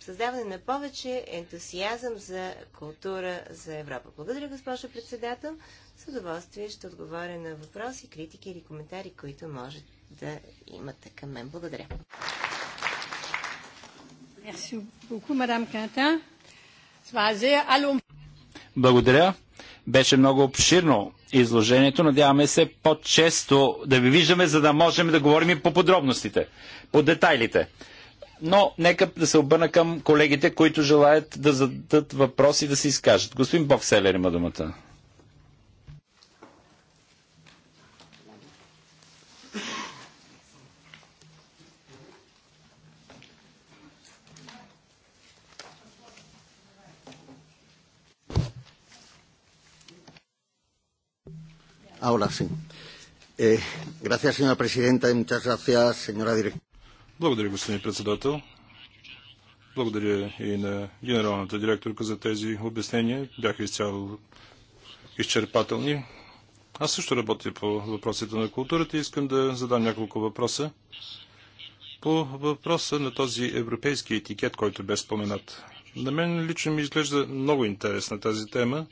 създаване на повече ентусиазъм за култура за Европа. Благодаря, госпожо председател. С удоволствие ще отговоря на въпроси, критики или коментари, които може да имате към мен. Благодаря. Благодаря. Беше много обширно изложението. Надяваме се по-често да ви виждаме, за да можем да говорим и по подробностите, по детайлите. Но нека да се обърна към колегите, които желаят да зададат въпроси и да се изкажат. Господин Бокселер има думата. Ahora sí. Eh, gracias, señora presidenta, y muchas gracias, señora directora. Благодаря, господин председател. Благодаря и на генералната директорка за тези обяснения. Бяха изцяло изчерпателни. Аз също работя по въпросите на културата и искам да задам няколко въпроса. По въпроса на този европейски етикет, който бе споменат. На мен лично ми изглежда много интересна тази тема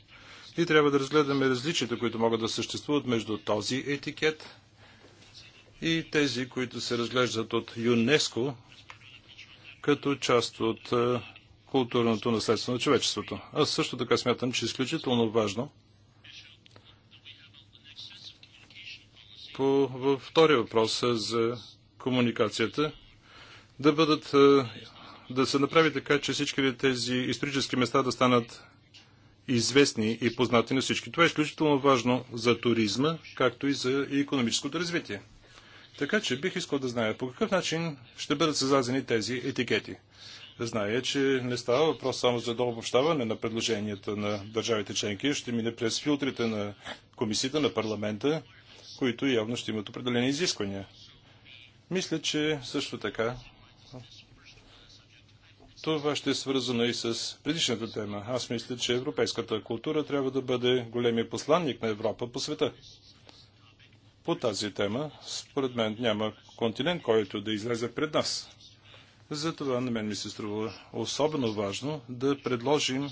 и трябва да разгледаме различията, които могат да съществуват между този етикет и тези, които се разглеждат от ЮНЕСКО като част от е, културното наследство на човечеството. Аз също така смятам, че е изключително важно по, във втория въпрос е, за комуникацията да бъдат е, да се направи така, че всички тези исторически места да станат известни и познати на всички. Това е изключително важно за туризма, както и за економическото развитие. Така че бих искал да зная по какъв начин ще бъдат създадени тези етикети. Зная, че не става въпрос само за дообщаване на предложенията на държавите членки, ще мине през филтрите на комисията, на парламента, които явно ще имат определени изисквания. Мисля, че също така това ще е свързано и с предишната тема. Аз мисля, че европейската култура трябва да бъде големия посланник на Европа по света. По тази тема, според мен, няма континент, който да излезе пред нас. Затова на мен ми се струва особено важно да предложим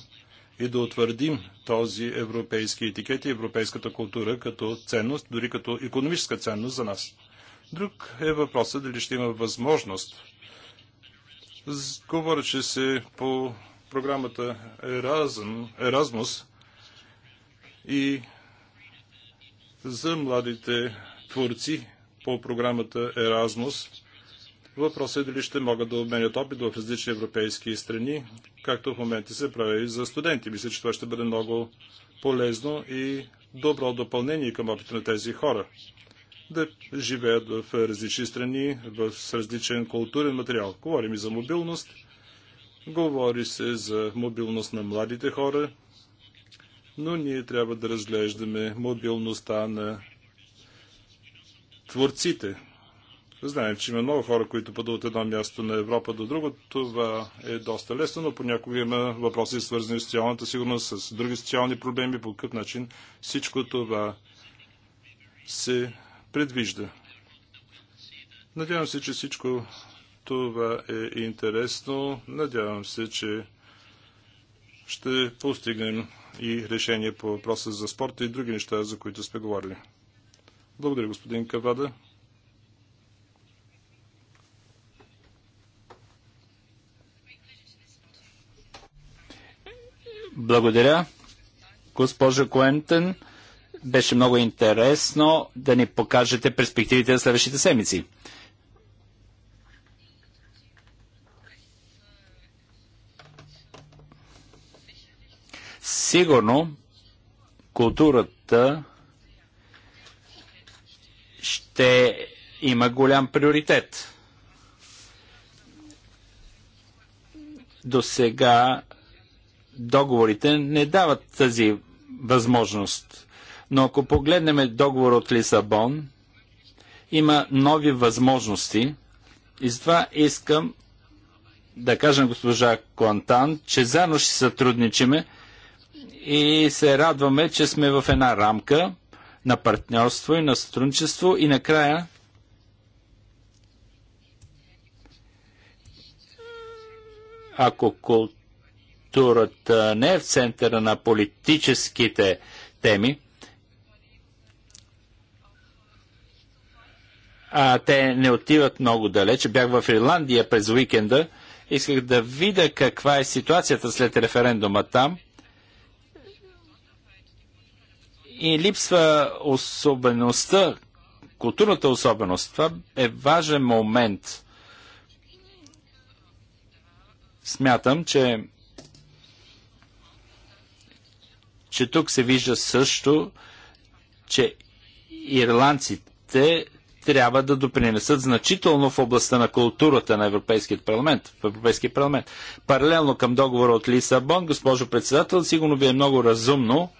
и да утвърдим този европейски етикет и европейската култура като ценност, дори като економическа ценност за нас. Друг е въпросът дали ще има възможност Говореше се по програмата Еразмус и за младите творци по програмата Еразмус. Въпросът е дали ще могат да обменят опит в различни европейски страни, както в момента се прави и за студенти. Мисля, че това ще бъде много полезно и добро допълнение към опита на тези хора да живеят в различни страни, в, с различен културен материал. Говорим и за мобилност, говори се за мобилност на младите хора, но ние трябва да разглеждаме мобилността на творците. Знаем, че има много хора, които пътуват от едно място на Европа до друго. Това е доста лесно, но понякога има въпроси свързани с социалната сигурност, с други социални проблеми, по какъв начин всичко това се предвижда. Надявам се, че всичко това е интересно. Надявам се, че ще постигнем и решение по въпроса за спорта и други неща, за които сме говорили. Благодаря, господин Кавада. Благодаря, госпожа Куентен. Беше много интересно да ни покажете перспективите на следващите седмици. Сигурно културата ще има голям приоритет. До сега договорите не дават тази възможност. Но ако погледнем договор от Лисабон, има нови възможности и затова искам да кажа госпожа Клантан, че заедно ще сътрудничиме и се радваме, че сме в една рамка на партньорство и на сътрудничество и накрая ако културата не е в центъра на политическите теми, а, те не отиват много далече. Бях в Ирландия през уикенда. Исках да видя каква е ситуацията след референдума там. И липсва особеността, културната особеност. Това е важен момент. Смятам, че че тук се вижда също, че ирландците трябва да допринесат значително в областта на културата на Европейския парламент. В Европейския парламент. Паралелно към договора от Лисабон, госпожо председател, сигурно ви е много разумно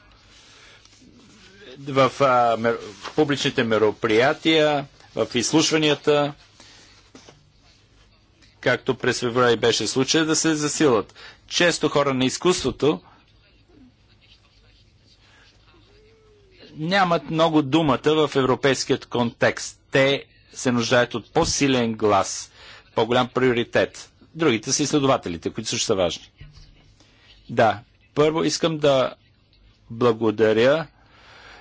в а, мер... публичните мероприятия, в изслушванията, както през февруари беше случай, да се засилат. Често хора на изкуството нямат много думата в европейският контекст те се нуждаят от по-силен глас, по-голям приоритет. Другите са изследователите, които също са важни. Да, първо искам да благодаря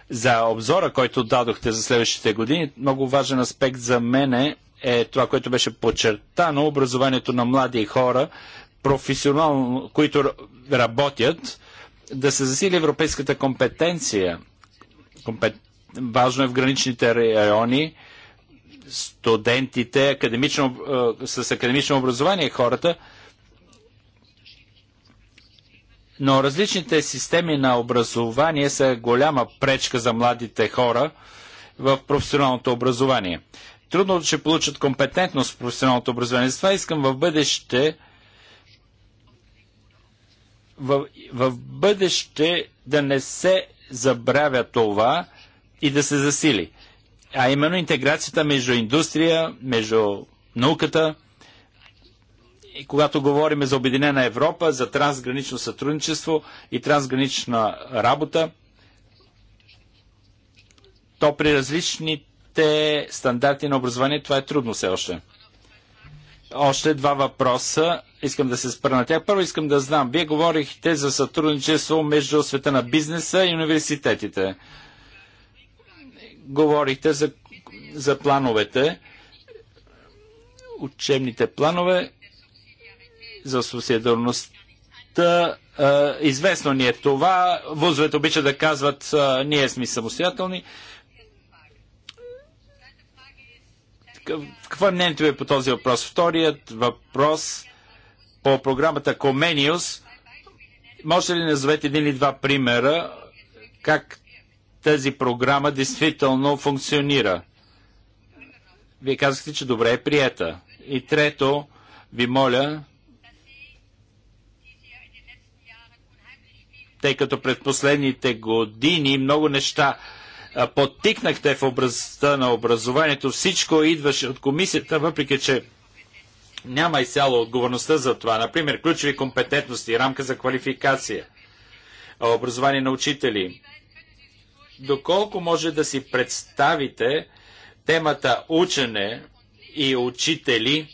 за обзора, който дадохте за следващите години. Много важен аспект за мене е това, което беше подчертано, образованието на млади хора, професионално, които работят, да се засили европейската компетенция. Компет... Важно е в граничните райони студентите, академично, е, с академично образование хората, но различните системи на образование са голяма пречка за младите хора в професионалното образование. Трудно ще получат компетентност в професионалното образование. Затова искам в бъдеще в, в бъдеще да не се забравя това и да се засили а именно интеграцията между индустрия, между науката. И когато говорим за Обединена Европа, за трансгранично сътрудничество и трансгранична работа, то при различните стандарти на образование това е трудно все още. Още два въпроса. Искам да се спра на тях. Първо искам да знам. Вие говорихте за сътрудничество между света на бизнеса и университетите. Говорите за, за плановете, учебните планове за субсидиарността. известно ни е това. Вузовете обичат да казват, ние сме самостоятелни. Какво е мнението ви по този въпрос? Вторият въпрос по програмата Comenius. Може ли да назовете един или два примера как тази програма действително функционира. Вие казахте, че добре е приета. И трето, ви моля, тъй като през последните години много неща подтикнахте в образта на образованието, всичко идваше от комисията, въпреки че няма изцяло отговорността за това. Например, ключови компетентности, рамка за квалификация, образование на учители – доколко може да си представите темата учене и учители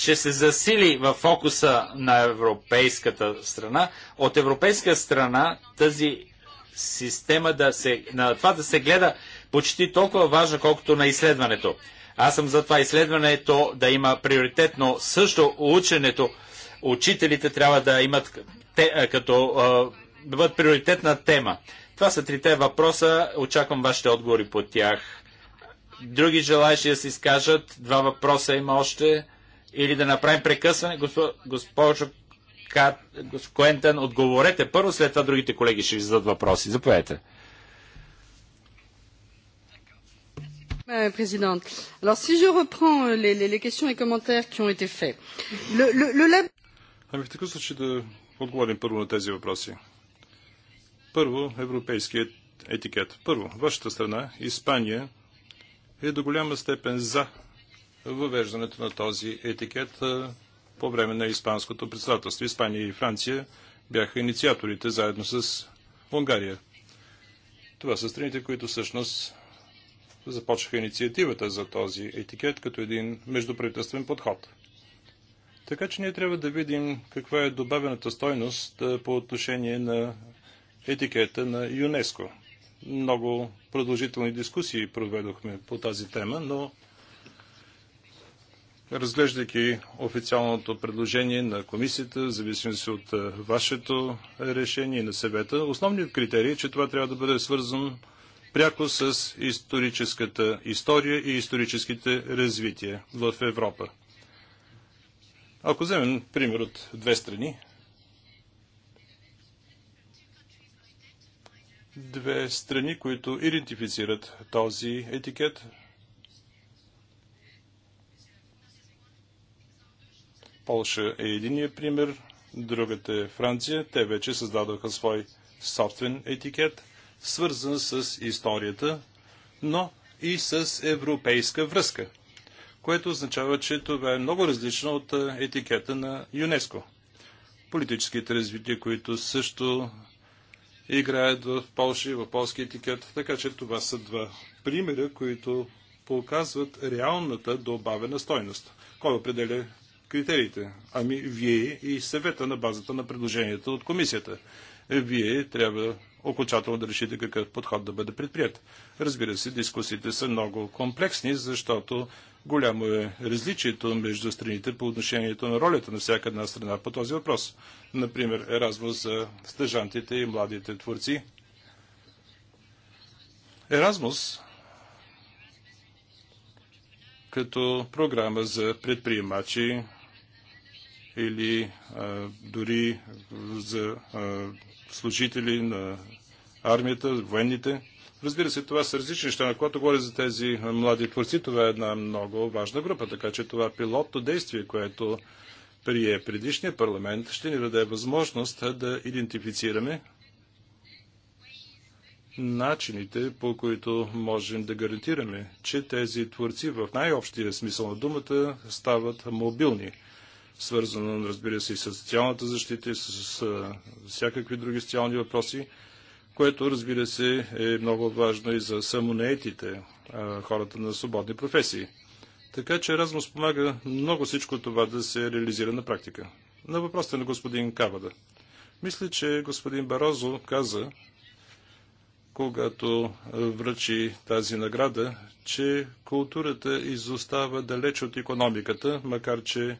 ще се засили в фокуса на европейската страна. От европейска страна тази система да се, на това да се гледа почти толкова важно, колкото на изследването. Аз съм за това изследването да има приоритетно също ученето. Учителите трябва да имат те, като да бъдат приоритетна тема. Това са трите въпроса. Очаквам вашите отговори по тях. Други желаящи да се изкажат. Два въпроса има още. Или да направим прекъсване. госпожо госп... отговорете първо, след това другите колеги ще ви зададат въпроси. Заповядайте. alors si je reprends euh, les, les, les questions et commentaires qui ont été faits, le, le, le lab... Ами в такъв случай да отговорим първо на тези въпроси. Първо, европейският етикет. Първо, вашата страна, Испания, е до голяма степен за въвеждането на този етикет по време на Испанското председателство. Испания и Франция бяха инициаторите заедно с Унгария. Това са страните, които всъщност започнаха инициативата за този етикет като един междуправителствен подход. Така че ние трябва да видим каква е добавената стойност по отношение на етикета на ЮНЕСКО. Много продължителни дискусии проведохме по тази тема, но разглеждайки официалното предложение на комисията, в зависимост от вашето решение на съвета, основният критерий е, че това трябва да бъде свързано пряко с историческата история и историческите развития в Европа. Ако вземем пример от две страни, две страни, които идентифицират този етикет. Полша е единия пример, другата е Франция. Те вече създадоха свой собствен етикет, свързан с историята, но и с европейска връзка, което означава, че това е много различно от етикета на ЮНЕСКО. Политическите развития, които също играят в Польша и в полски етикет. Така че това са два примера, които показват реалната добавена стойност. Кой определя критериите? Ами вие и съвета на базата на предложенията от комисията. Вие трябва окончателно да решите какъв подход да бъде предприят. Разбира се, дискусиите са много комплексни, защото Голямо е различието между страните по отношението на ролята на всяка една страна по този въпрос. Например, Еразмо за стъжантите и младите творци. Еразмус като програма за предприемачи или а, дори за а, служители на армията, военните. Разбира се, това са различни неща. Когато говоря за тези млади творци, това е една много важна група, така че това пилотно действие, което прие предишния парламент, ще ни даде възможност да идентифицираме начините, по които можем да гарантираме, че тези творци в най-общия смисъл на думата стават мобилни. Свързано, разбира се, и с социалната защита, и с, с всякакви други социални въпроси което разбира се е много важно и за самонеетите хората на свободни професии. Така че Еразмус помага много всичко това да се реализира на практика. На въпросите на господин Кавада. Мисля, че господин Барозо каза, когато връчи тази награда, че културата изостава далеч от економиката, макар че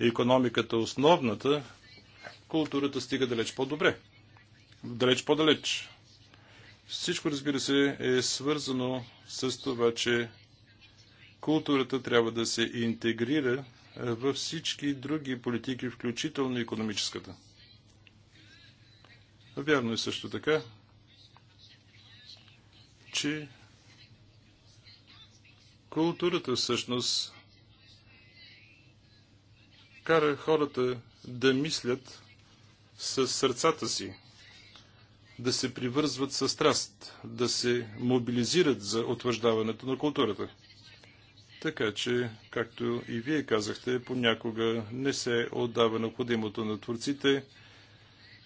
економиката основната, културата стига далеч по-добре. Далеч по-далеч. Всичко, разбира се, е свързано с това, че културата трябва да се интегрира във всички други политики, включително економическата. Вярно е също така, че културата всъщност кара хората да мислят с сърцата си, да се привързват със страст, да се мобилизират за утвърждаването на културата. Така че, както и вие казахте, понякога не се отдава необходимото на творците,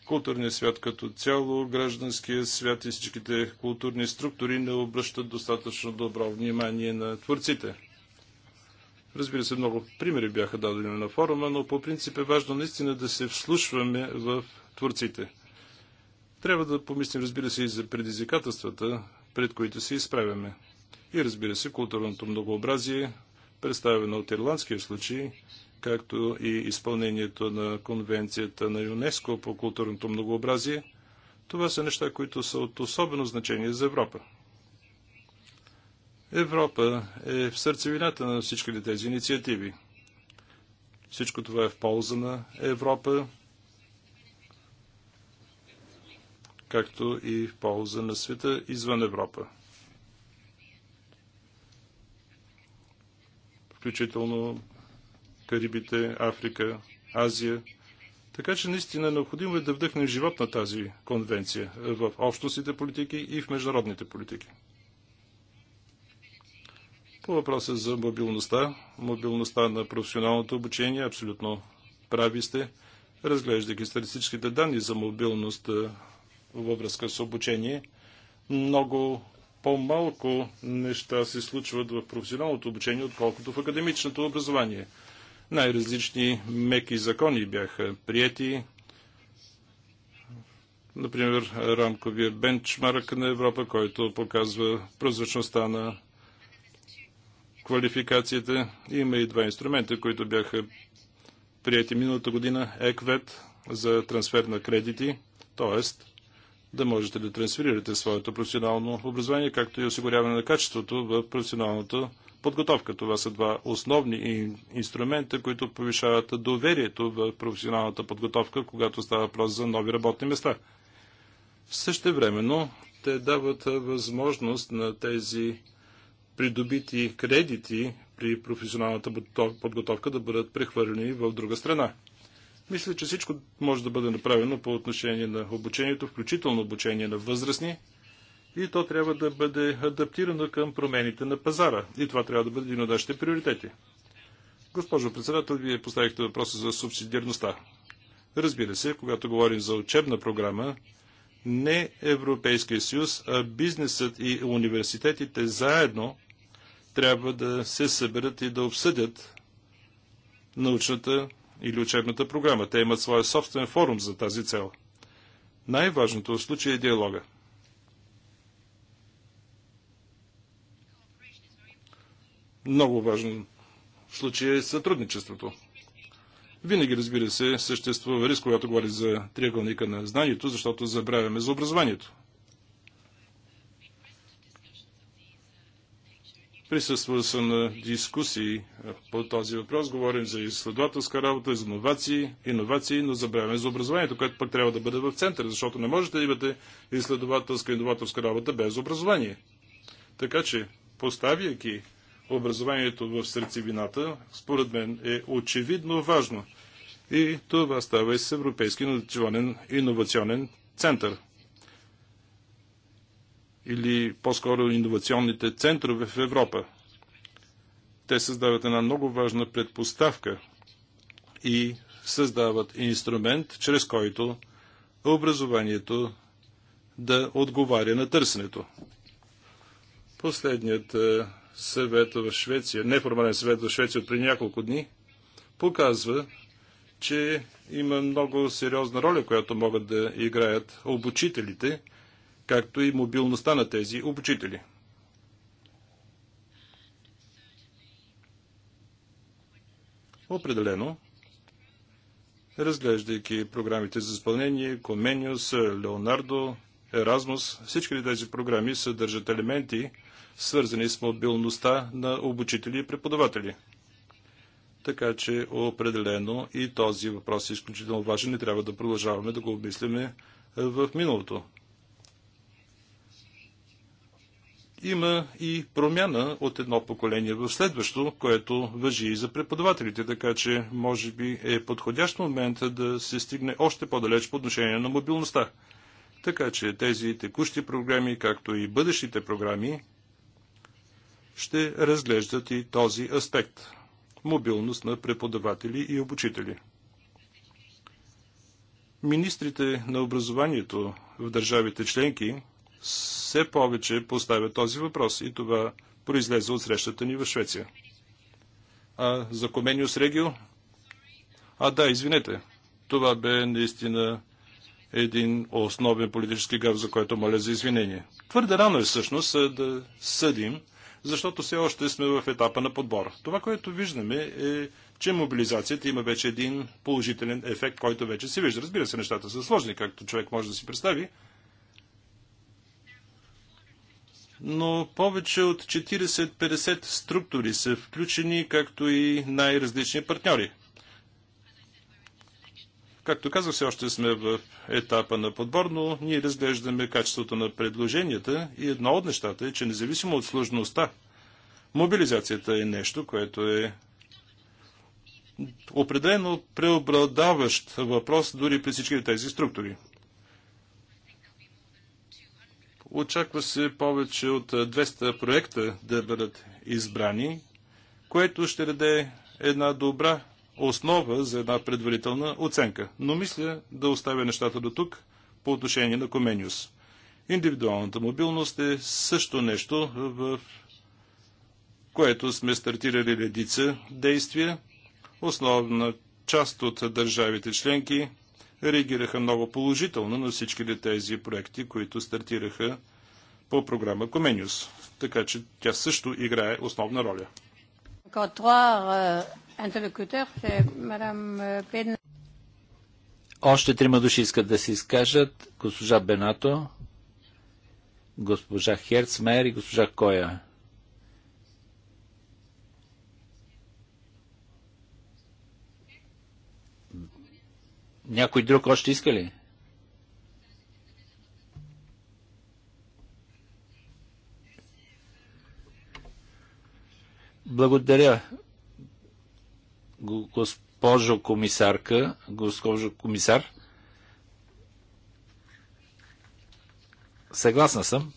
културният свят като цяло, гражданският свят и всичките културни структури не обръщат достатъчно добро внимание на творците. Разбира се, много примери бяха дадени на форума, но по принцип е важно наистина да се вслушваме в творците. Трябва да помислим, разбира се, и за предизвикателствата, пред които се изправяме. И разбира се, културното многообразие, представено от ирландския случай, както и изпълнението на конвенцията на ЮНЕСКО по културното многообразие, това са неща, които са от особено значение за Европа. Европа е в сърцевината на всичките тези инициативи. Всичко това е в полза на Европа както и в полза на света извън Европа. Включително Карибите, Африка, Азия. Така че наистина необходимо е да вдъхнем живот на тази конвенция в общностите политики и в международните политики. По въпроса за мобилността, мобилността на професионалното обучение, абсолютно прави сте, разглеждайки статистическите данни за мобилност във връзка с обучение. Много по-малко неща се случват в професионалното обучение, отколкото в академичното образование. Най-различни меки закони бяха прияти. Например, рамковия бенчмарк на Европа, който показва прозрачността на квалификацията. Има и два инструмента, които бяха прияти миналата година. ЕКВЕТ за трансфер на кредити, т.е да можете да трансферирате своето професионално образование, както и осигуряване на качеството в професионалната подготовка. Това са два основни инструмента, които повишават доверието в професионалната подготовка, когато става въпрос за нови работни места. Същевременно те дават възможност на тези придобити кредити при професионалната подготовка да бъдат прехвърлени в друга страна. Мисля, че всичко може да бъде направено по отношение на обучението, включително обучение на възрастни, и то трябва да бъде адаптирано към промените на пазара. И това трябва да бъде един от нашите приоритети. Госпожо председател, вие поставихте въпроса за субсидиарността. Разбира се, когато говорим за учебна програма, не Европейския съюз, а бизнесът и университетите заедно трябва да се съберат и да обсъдят научната или учебната програма. Те имат своя собствен форум за тази цел. Най-важното в случая е диалога. Много важно в случая е сътрудничеството. Винаги, разбира се, съществува риск, когато говори за триъгълника на знанието, защото забравяме за образованието. Присъствал съм на дискусии по този въпрос. Говорим за изследователска работа, за иновации, иновации, но забравяме за образованието, което пък трябва да бъде в центъра, защото не можете да имате изследователска, и иноваторска работа без образование. Така че, поставяйки образованието в сърцевината, според мен е очевидно важно. И това става и с Европейски иновационен център или по-скоро иновационните центрове в Европа. Те създават една много важна предпоставка и създават инструмент, чрез който образованието да отговаря на търсенето. Последният е, съвет в Швеция, неформален съвет в Швеция при няколко дни, показва, че има много сериозна роля, която могат да играят обучителите – както и мобилността на тези обучители. Определено, разглеждайки програмите за изпълнение, Комениус, Леонардо, Еразмус, всички тези програми съдържат елементи, свързани с мобилността на обучители и преподаватели. Така че определено и този въпрос е изключително важен и трябва да продължаваме да го обмисляме в миналото. има и промяна от едно поколение в следващо, което въжи и за преподавателите, така че може би е подходящ момент да се стигне още по-далеч по отношение на мобилността. Така че тези текущи програми, както и бъдещите програми, ще разглеждат и този аспект – мобилност на преподаватели и обучители. Министрите на образованието в държавите членки – все повече поставя този въпрос и това произлезе от срещата ни в Швеция. А за Комениус Регио? А да, извинете. Това бе наистина един основен политически гав, за който моля за извинение. Твърде рано е всъщност да съдим, защото все още сме в етапа на подбор. Това, което виждаме е, че мобилизацията има вече един положителен ефект, който вече се вижда. Разбира се, нещата са сложни, както човек може да си представи, но повече от 40-50 структури са включени, както и най-различни партньори. Както казах, все още сме в етапа на подбор, но ние разглеждаме качеството на предложенията и едно от нещата е, че независимо от сложността, мобилизацията е нещо, което е определено преобладаващ въпрос дори при всички тези структури. Очаква се повече от 200 проекта да бъдат избрани, което ще даде една добра основа за една предварителна оценка. Но мисля да оставя нещата до тук по отношение на Комениус. Индивидуалната мобилност е също нещо, в което сме стартирали редица действия. Основна част от държавите членки реагираха много положително на всички тези проекти, които стартираха по програма Comenius. Така че тя също играе основна роля. Euh, euh, Още трима души искат да се изкажат. Госпожа Бенато, госпожа Херцмер и госпожа Коя. Някой друг още иска ли? Благодаря, госпожо комисарка, госпожо комисар. Съгласна съм.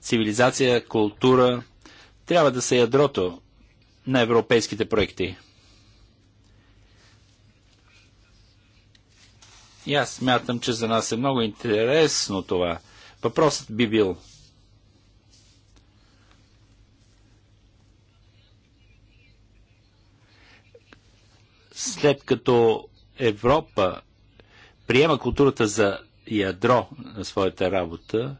Цивилизация, култура трябва да са ядрото на европейските проекти. И аз смятам, че за нас е много интересно това. Въпросът би бил. След като Европа приема културата за ядро на своята работа,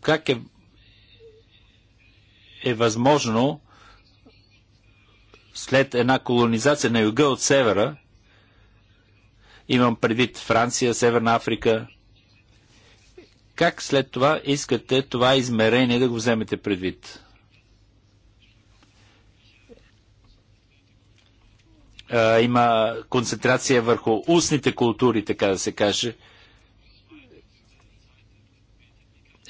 как е, е възможно след една колонизация на юга от севера, имам предвид Франция, Северна Африка, как след това искате това измерение да го вземете предвид? а, има концентрация върху устните култури, така да се каже.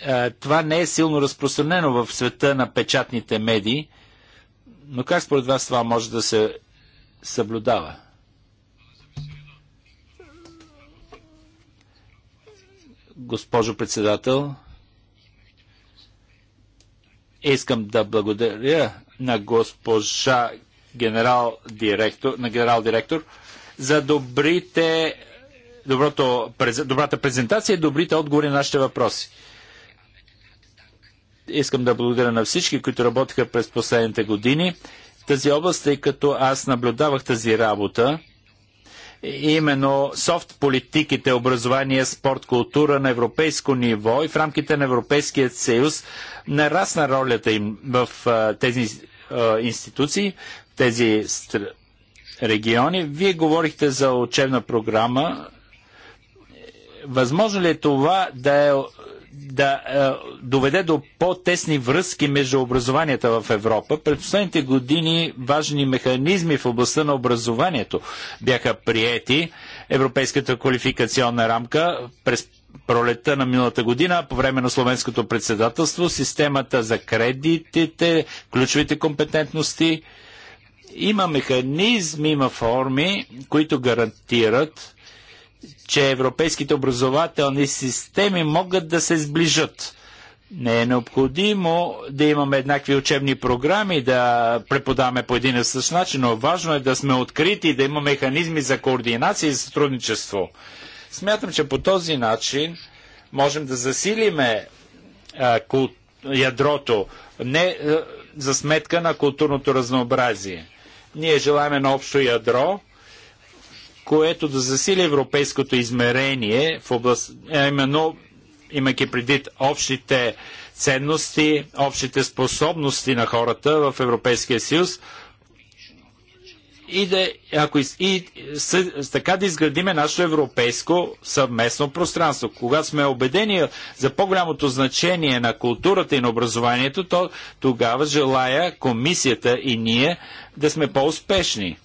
А, това не е силно разпространено в света на печатните медии. Но как според вас това може да се съблюдава? Госпожо председател, искам да благодаря на госпожа генерал-директор, на генерал-директор за добрите, доброто, добрата презентация и добрите отговори на нашите въпроси искам да благодаря на всички, които работиха през последните години тази област, тъй като аз наблюдавах тази работа. Именно софт политиките, образование, спорт, култура на европейско ниво и в рамките на Европейският съюз нарасна ролята им в а, тези а, институции, в тези стр... региони. Вие говорихте за учебна програма. Възможно ли е това да е да е, доведе до по-тесни връзки между образованията в Европа. През последните години важни механизми в областта на образованието бяха приети. Европейската квалификационна рамка през пролета на миналата година, по време на словенското председателство, системата за кредитите, ключовите компетентности. Има механизми, има форми, които гарантират че европейските образователни системи могат да се сближат. Не е необходимо да имаме еднакви учебни програми, да преподаваме по един и същ начин, но важно е да сме открити да има механизми за координация и сътрудничество. Смятам, че по този начин можем да засилиме а, кул... ядрото, не а, за сметка на културното разнообразие. Ние желаем едно общо ядро, което да засили европейското измерение в област, именно имайки предвид общите ценности, общите способности на хората в Европейския съюз и, да, ако, из, и с, така да изградиме нашето европейско съвместно пространство. Когато сме убедени за по-голямото значение на културата и на образованието, то тогава желая комисията и ние да сме по-успешни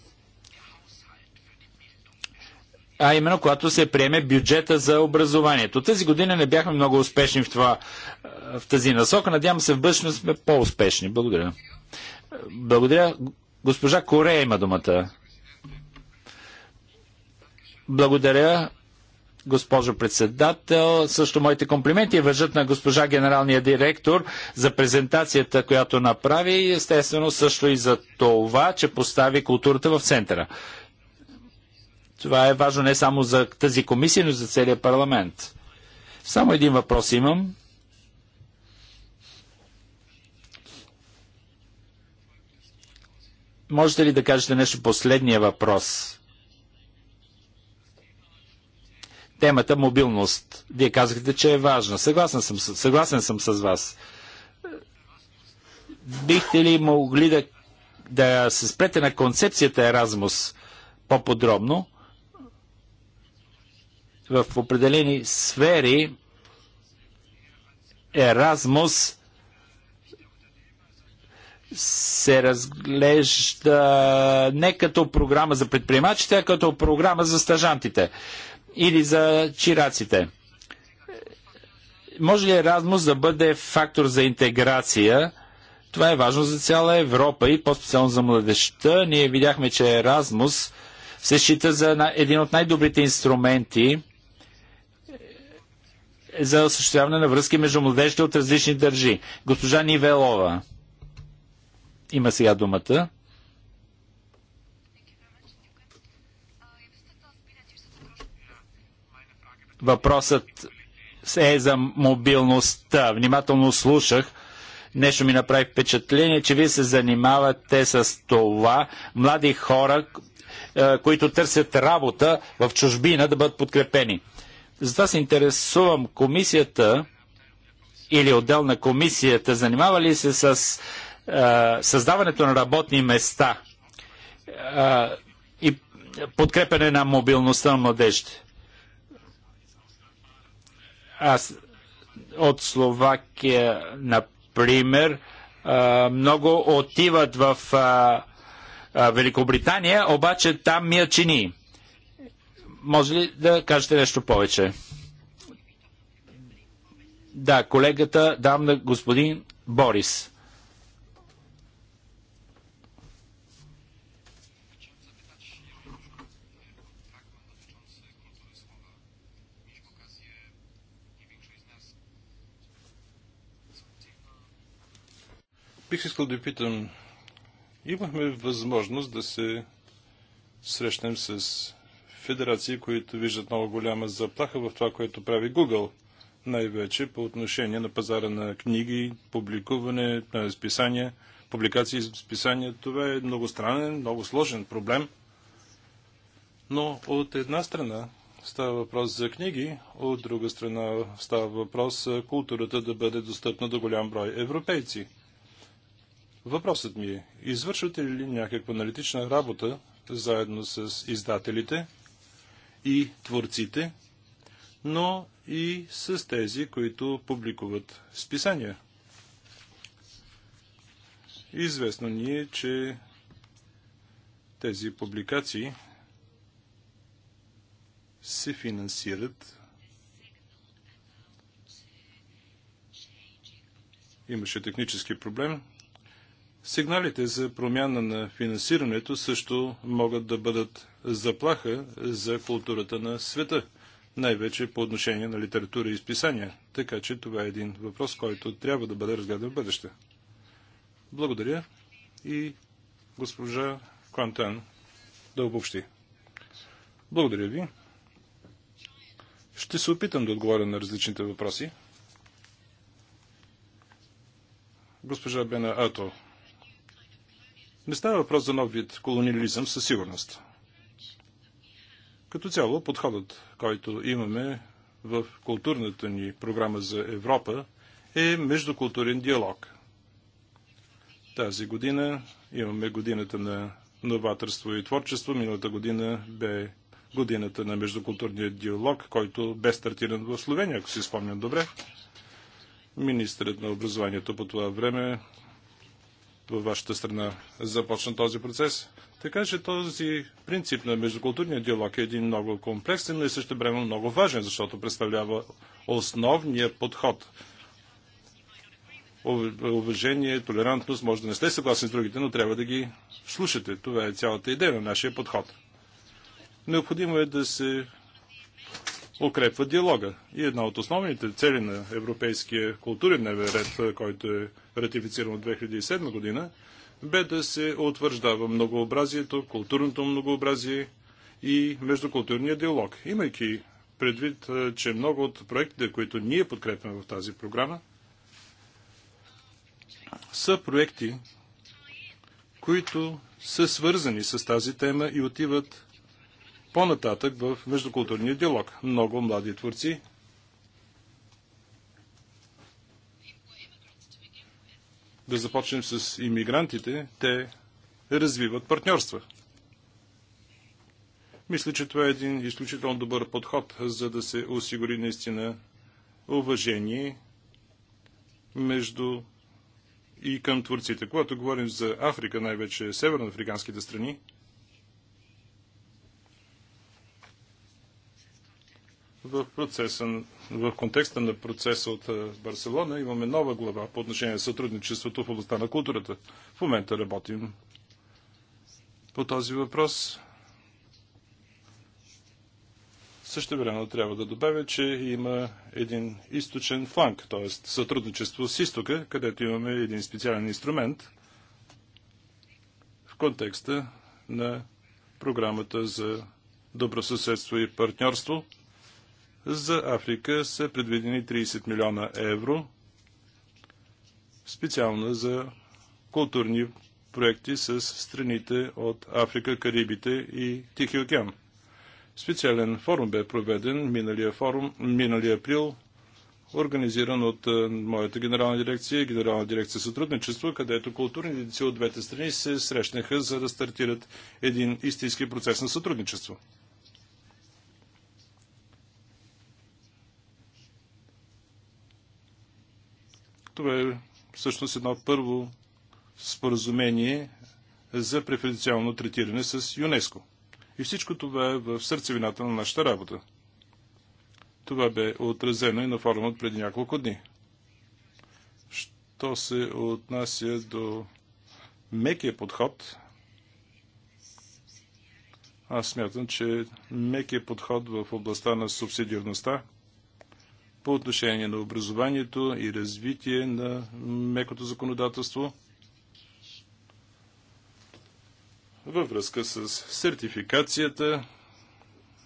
а именно когато се приеме бюджета за образованието. Тази година не бяхме много успешни в, това, в тази насока. Надявам се в бъдещето сме по-успешни. Благодаря. Благодаря. Госпожа Корея има думата. Благодаря, госпожо председател. Също моите комплименти въжат на госпожа генералния директор за презентацията, която направи и естествено също и за това, че постави културата в центъра. Това е важно не само за тази комисия, но и за целият парламент. Само един въпрос имам. Можете ли да кажете нещо последния въпрос? Темата мобилност. Вие казахте, че е важна. Съгласен съм, съгласен съм с вас. Бихте ли могли да, да се спрете на концепцията Еразмус по-подробно? в определени сфери Еразмус се разглежда не като програма за предприемачите, а като програма за стажантите или за чираците. Може ли Еразмус да бъде фактор за интеграция? Това е важно за цяла Европа и по-специално за младеща. Ние видяхме, че Еразмус се счита за един от най-добрите инструменти за осъществяване на връзки между младежите от различни държи. Госпожа Нивелова има сега думата. Въпросът е за мобилността. Внимателно слушах. Нещо ми направи впечатление, че вие се занимавате с това млади хора, е, които търсят работа в чужбина, да бъдат подкрепени. Затова се интересувам комисията или отдел на комисията занимава ли се с а, създаването на работни места а, и подкрепене на мобилността на младежите. Аз от Словакия, например, а, много отиват в а, а, Великобритания, обаче там чини. Може ли да кажете нещо повече? Да, колегата дам на господин Борис. Бих искал да питам, имахме възможност да се срещнем с федерации, които виждат много голяма заплаха в това, което прави Google, най-вече по отношение на пазара на книги, публикуване, на списания, публикации и списания. Това е много странен, много сложен проблем. Но от една страна става въпрос за книги, от друга страна става въпрос културата да бъде достъпна до голям брой европейци. Въпросът ми е, извършвате ли някаква аналитична работа заедно с издателите, и творците, но и с тези, които публикуват списания. Известно ни е, че тези публикации се финансират. Имаше технически проблем, Сигналите за промяна на финансирането също могат да бъдат заплаха за културата на света, най-вече по отношение на литература и изписания. Така че това е един въпрос, който трябва да бъде разгледан в бъдеще. Благодаря и госпожа Квантан да обобщи. Благодаря ви. Ще се опитам да отговоря на различните въпроси. Госпожа Бена Ато не става въпрос за нов вид колониализъм със сигурност. Като цяло, подходът, който имаме в културната ни програма за Европа, е междукултурен диалог. Тази година имаме годината на новаторство и творчество. Миналата година бе годината на междукултурния диалог, който бе стартиран в Словения, ако си спомням добре. Министрът на образованието по това време във вашата страна започна този процес. Така че този принцип на междукултурния диалог е един много комплексен, но и също време много важен, защото представлява основния подход. Уважение, толерантност, може да не сте съгласни с другите, но трябва да ги слушате. Това е цялата идея на нашия подход. Необходимо е да се укрепва диалога. И една от основните цели на Европейския културен дневен ред, който е ратифициран от 2007 година, бе да се утвърждава многообразието, културното многообразие и междукултурния диалог. Имайки предвид, че много от проектите, които ние подкрепяме в тази програма, са проекти, които са свързани с тази тема и отиват по-нататък в междукултурния диалог. Много млади творци да започнем с иммигрантите, те развиват партньорства. Мисля, че това е един изключително добър подход, за да се осигури наистина уважение между и към творците. Когато говорим за Африка, най-вече северноафриканските страни, в, процеса, в контекста на процеса от е, Барселона имаме нова глава по отношение на сътрудничеството в областта на културата. В момента работим по този въпрос. Също време трябва да добавя, че има един източен фланг, т.е. сътрудничество с изтока, където имаме един специален инструмент в контекста на програмата за добросъседство и партньорство, за Африка са предвидени 30 милиона евро специално за културни проекти с страните от Африка, Карибите и Тихи океан. Специален форум бе проведен миналия, форум, миналия април, организиран от моята генерална дирекция и генерална дирекция сътрудничество, където културните деца от двете страни се срещнаха, за да стартират един истински процес на сътрудничество. Това е всъщност едно първо споразумение за преференциално третиране с ЮНЕСКО. И всичко това е в сърцевината на нашата работа. Това бе отразено и на форума от преди няколко дни. Що се отнася до мекия подход, аз смятам, че мекия подход в областта на субсидиарността по отношение на образованието и развитие на мекото законодателство във връзка с сертификацията.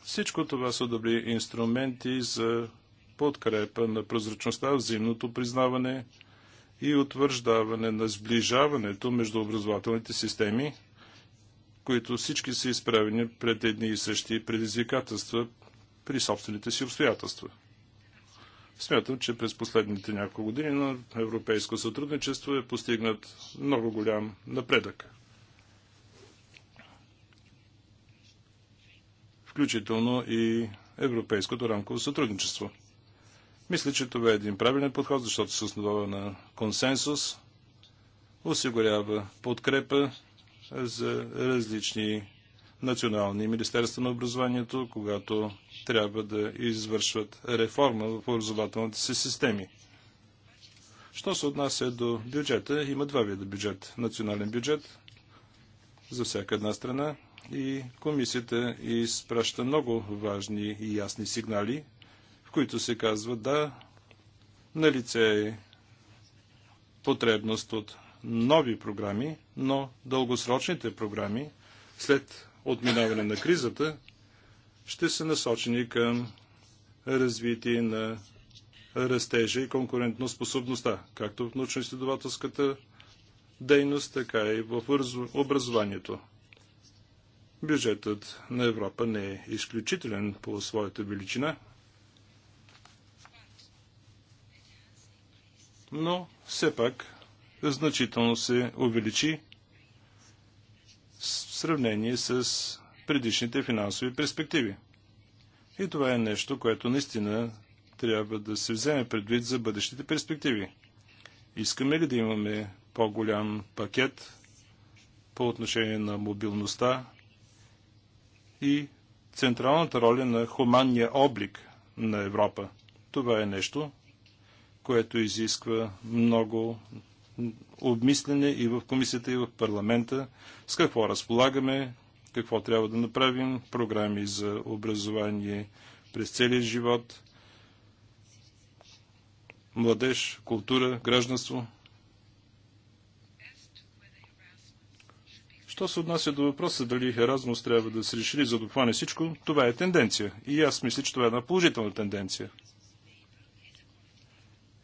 Всичко това са добри инструменти за подкрепа на прозрачността, взаимното признаване и утвърждаване на сближаването между образователните системи, които всички са изправени пред едни и същи предизвикателства при собствените си обстоятелства. Смятам, че през последните няколко години на европейско сътрудничество е постигнат много голям напредък. Включително и европейското рамково сътрудничество. Мисля, че това е един правилен подход, защото се основава на консенсус, осигурява подкрепа за различни национални министерства на образованието, когато трябва да извършват реформа в образователните си системи. Що се отнася до бюджета, има два вида бюджет. Национален бюджет за всяка една страна и комисията изпраща много важни и ясни сигнали, в които се казва да, на лице е потребност от нови програми, но дългосрочните програми след от минаване на кризата ще са насочени към развитие на растежа и конкурентно способността, както в научно-изследователската дейност, така и в образованието. Бюджетът на Европа не е изключителен по своята величина, но все пак значително се увеличи в сравнение с предишните финансови перспективи. И това е нещо, което наистина трябва да се вземе предвид за бъдещите перспективи. Искаме ли да имаме по-голям пакет по отношение на мобилността и централната роля на хуманния облик на Европа? Това е нещо, което изисква много обмислене и в комисията, и в парламента с какво разполагаме, какво трябва да направим, програми за образование през целия живот, младеж, култура, гражданство. Що се отнася до въпроса дали Еразмус трябва да се реши за да всичко, това е тенденция. И аз мисля, че това е една положителна тенденция.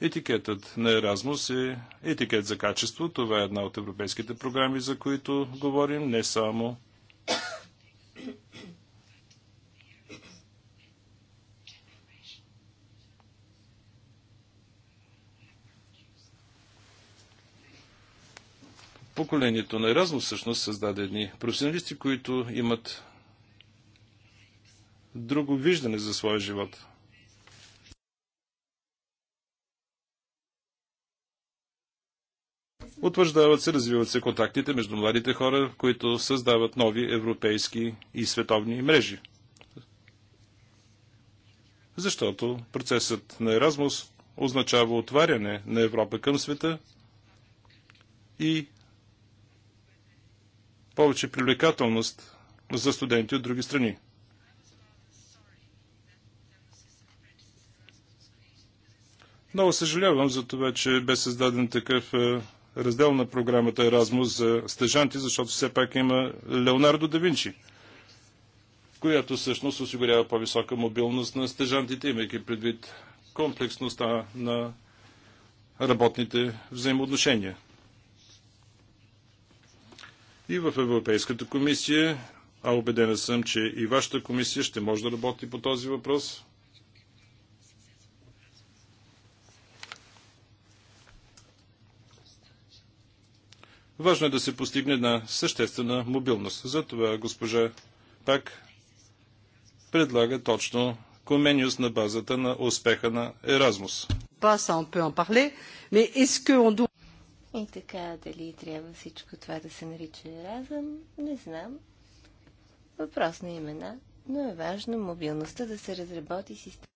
Етикетът на Еразмус е етикет за качество. Това е една от европейските програми, за които говорим, не само поколението на Еразмус всъщност създаде едни професионалисти, които имат друго виждане за своя живот. Утвърждават се, развиват се контактите между младите хора, които създават нови европейски и световни мрежи. Защото процесът на Еразмус означава отваряне на Европа към света и повече привлекателност за студенти от други страни. Много съжалявам за това, че бе създаден такъв е, раздел на програмата Еразмус за стъжанти, защото все пак има Леонардо да Винчи, която всъщност осигурява по-висока мобилност на стъжантите, имайки предвид комплексността на работните взаимоотношения. И в Европейската комисия, а убедена съм, че и вашата комисия ще може да работи по този въпрос, Важно е да се постигне на съществена мобилност. Затова госпожа пак предлага точно коменюс на базата на успеха на Еразмус. И така, дали трябва всичко това да се нарича Еразъм, не знам. Въпрос на имена, но е важно мобилността да се разработи система.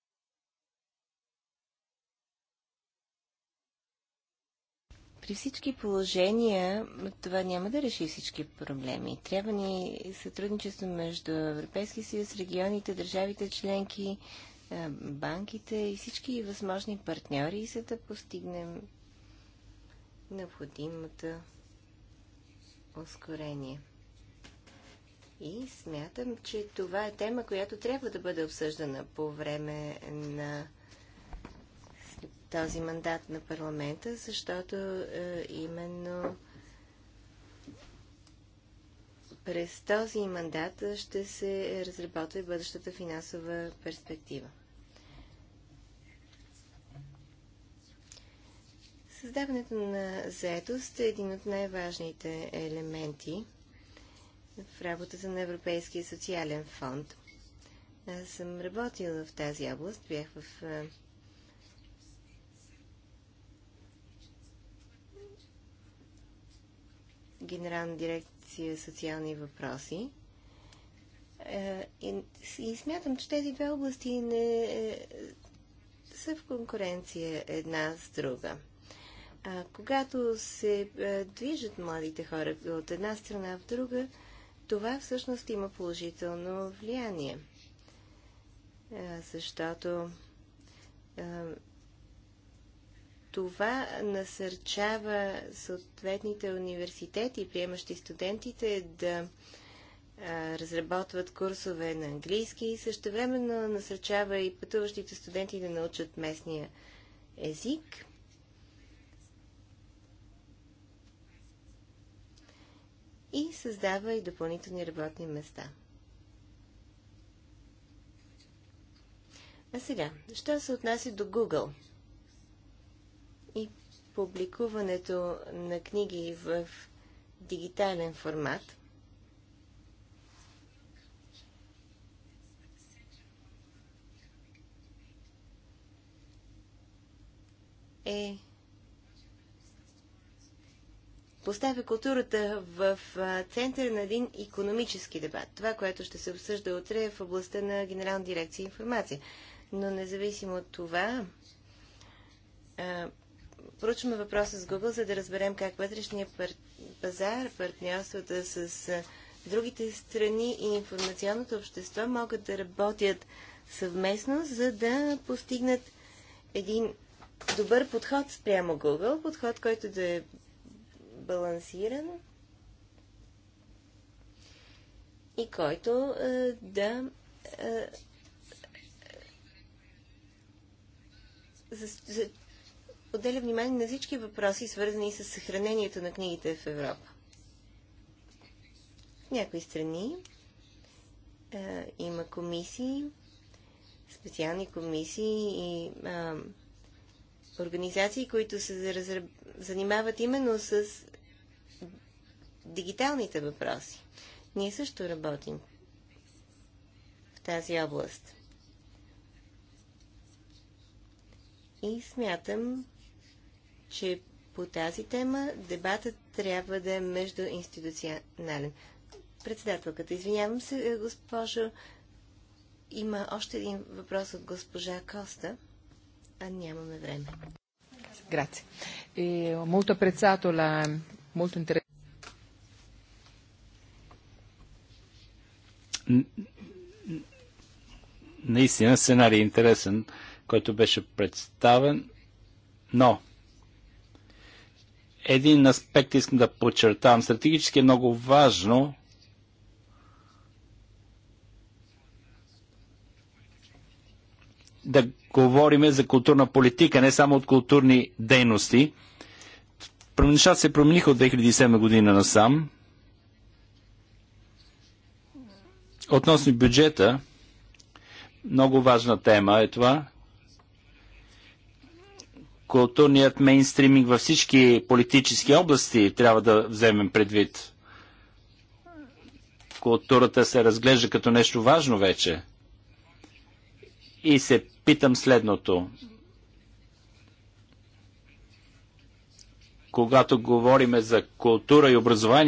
При всички положения това няма да реши всички проблеми. Трябва ни сътрудничество между Европейския съюз, регионите, държавите членки, е, банките и всички възможни партньори, за да постигнем необходимото ускорение. И смятам, че това е тема, която трябва да бъде обсъждана по време на този мандат на парламента, защото е, именно през този мандат е, ще се разработва и бъдещата финансова перспектива. Създаването на заетост е един от най-важните елементи в работата на Европейския социален фонд. Аз съм работила в тази област, бях в е, Генерална дирекция социални въпроси. Е, и смятам, че тези две области не е, са в конкуренция една с друга. когато се е, движат младите хора от една страна в друга, това всъщност има положително влияние. защото това насърчава съответните университети, приемащи студентите, да разработват курсове на английски и същевременно насърчава и пътуващите студенти да научат местния език. И създава и допълнителни работни места. А сега, що се отнася до Google – публикуването на книги в дигитален формат. е поставя културата в центъра на един економически дебат. Това, което ще се обсъжда утре е в областта на Генерална дирекция информация. Но независимо от това, проучваме въпроса с Google, за да разберем как вътрешния пар... пазар, партньорствата с другите страни и информационното общество могат да работят съвместно, за да постигнат един добър подход спрямо Google, подход, който да е балансиран и който а, да а, за, за, отделя внимание на всички въпроси, свързани с съхранението на книгите в Европа. В някои страни а, има комисии, специални комисии и а, организации, които се разръб... занимават именно с дигиталните въпроси. Ние също работим в тази област. И смятам, че по тази тема дебатът трябва да е междуинституционален. Председателката, извинявам се, е, госпожо, има още един въпрос от госпожа Коста, а нямаме време. Грация. И е, мулто molto мулто la Наистина сценарий е интересен, който беше представен, но един аспект искам да подчертавам. Стратегически е много важно да говорим за културна политика, не само от културни дейности. Нещата се промениха от 2007 година насам. Относно бюджета, много важна тема е това културният мейнстриминг във всички политически области трябва да вземем предвид. Културата се разглежда като нещо важно вече. И се питам следното. Когато говорим за култура и образование,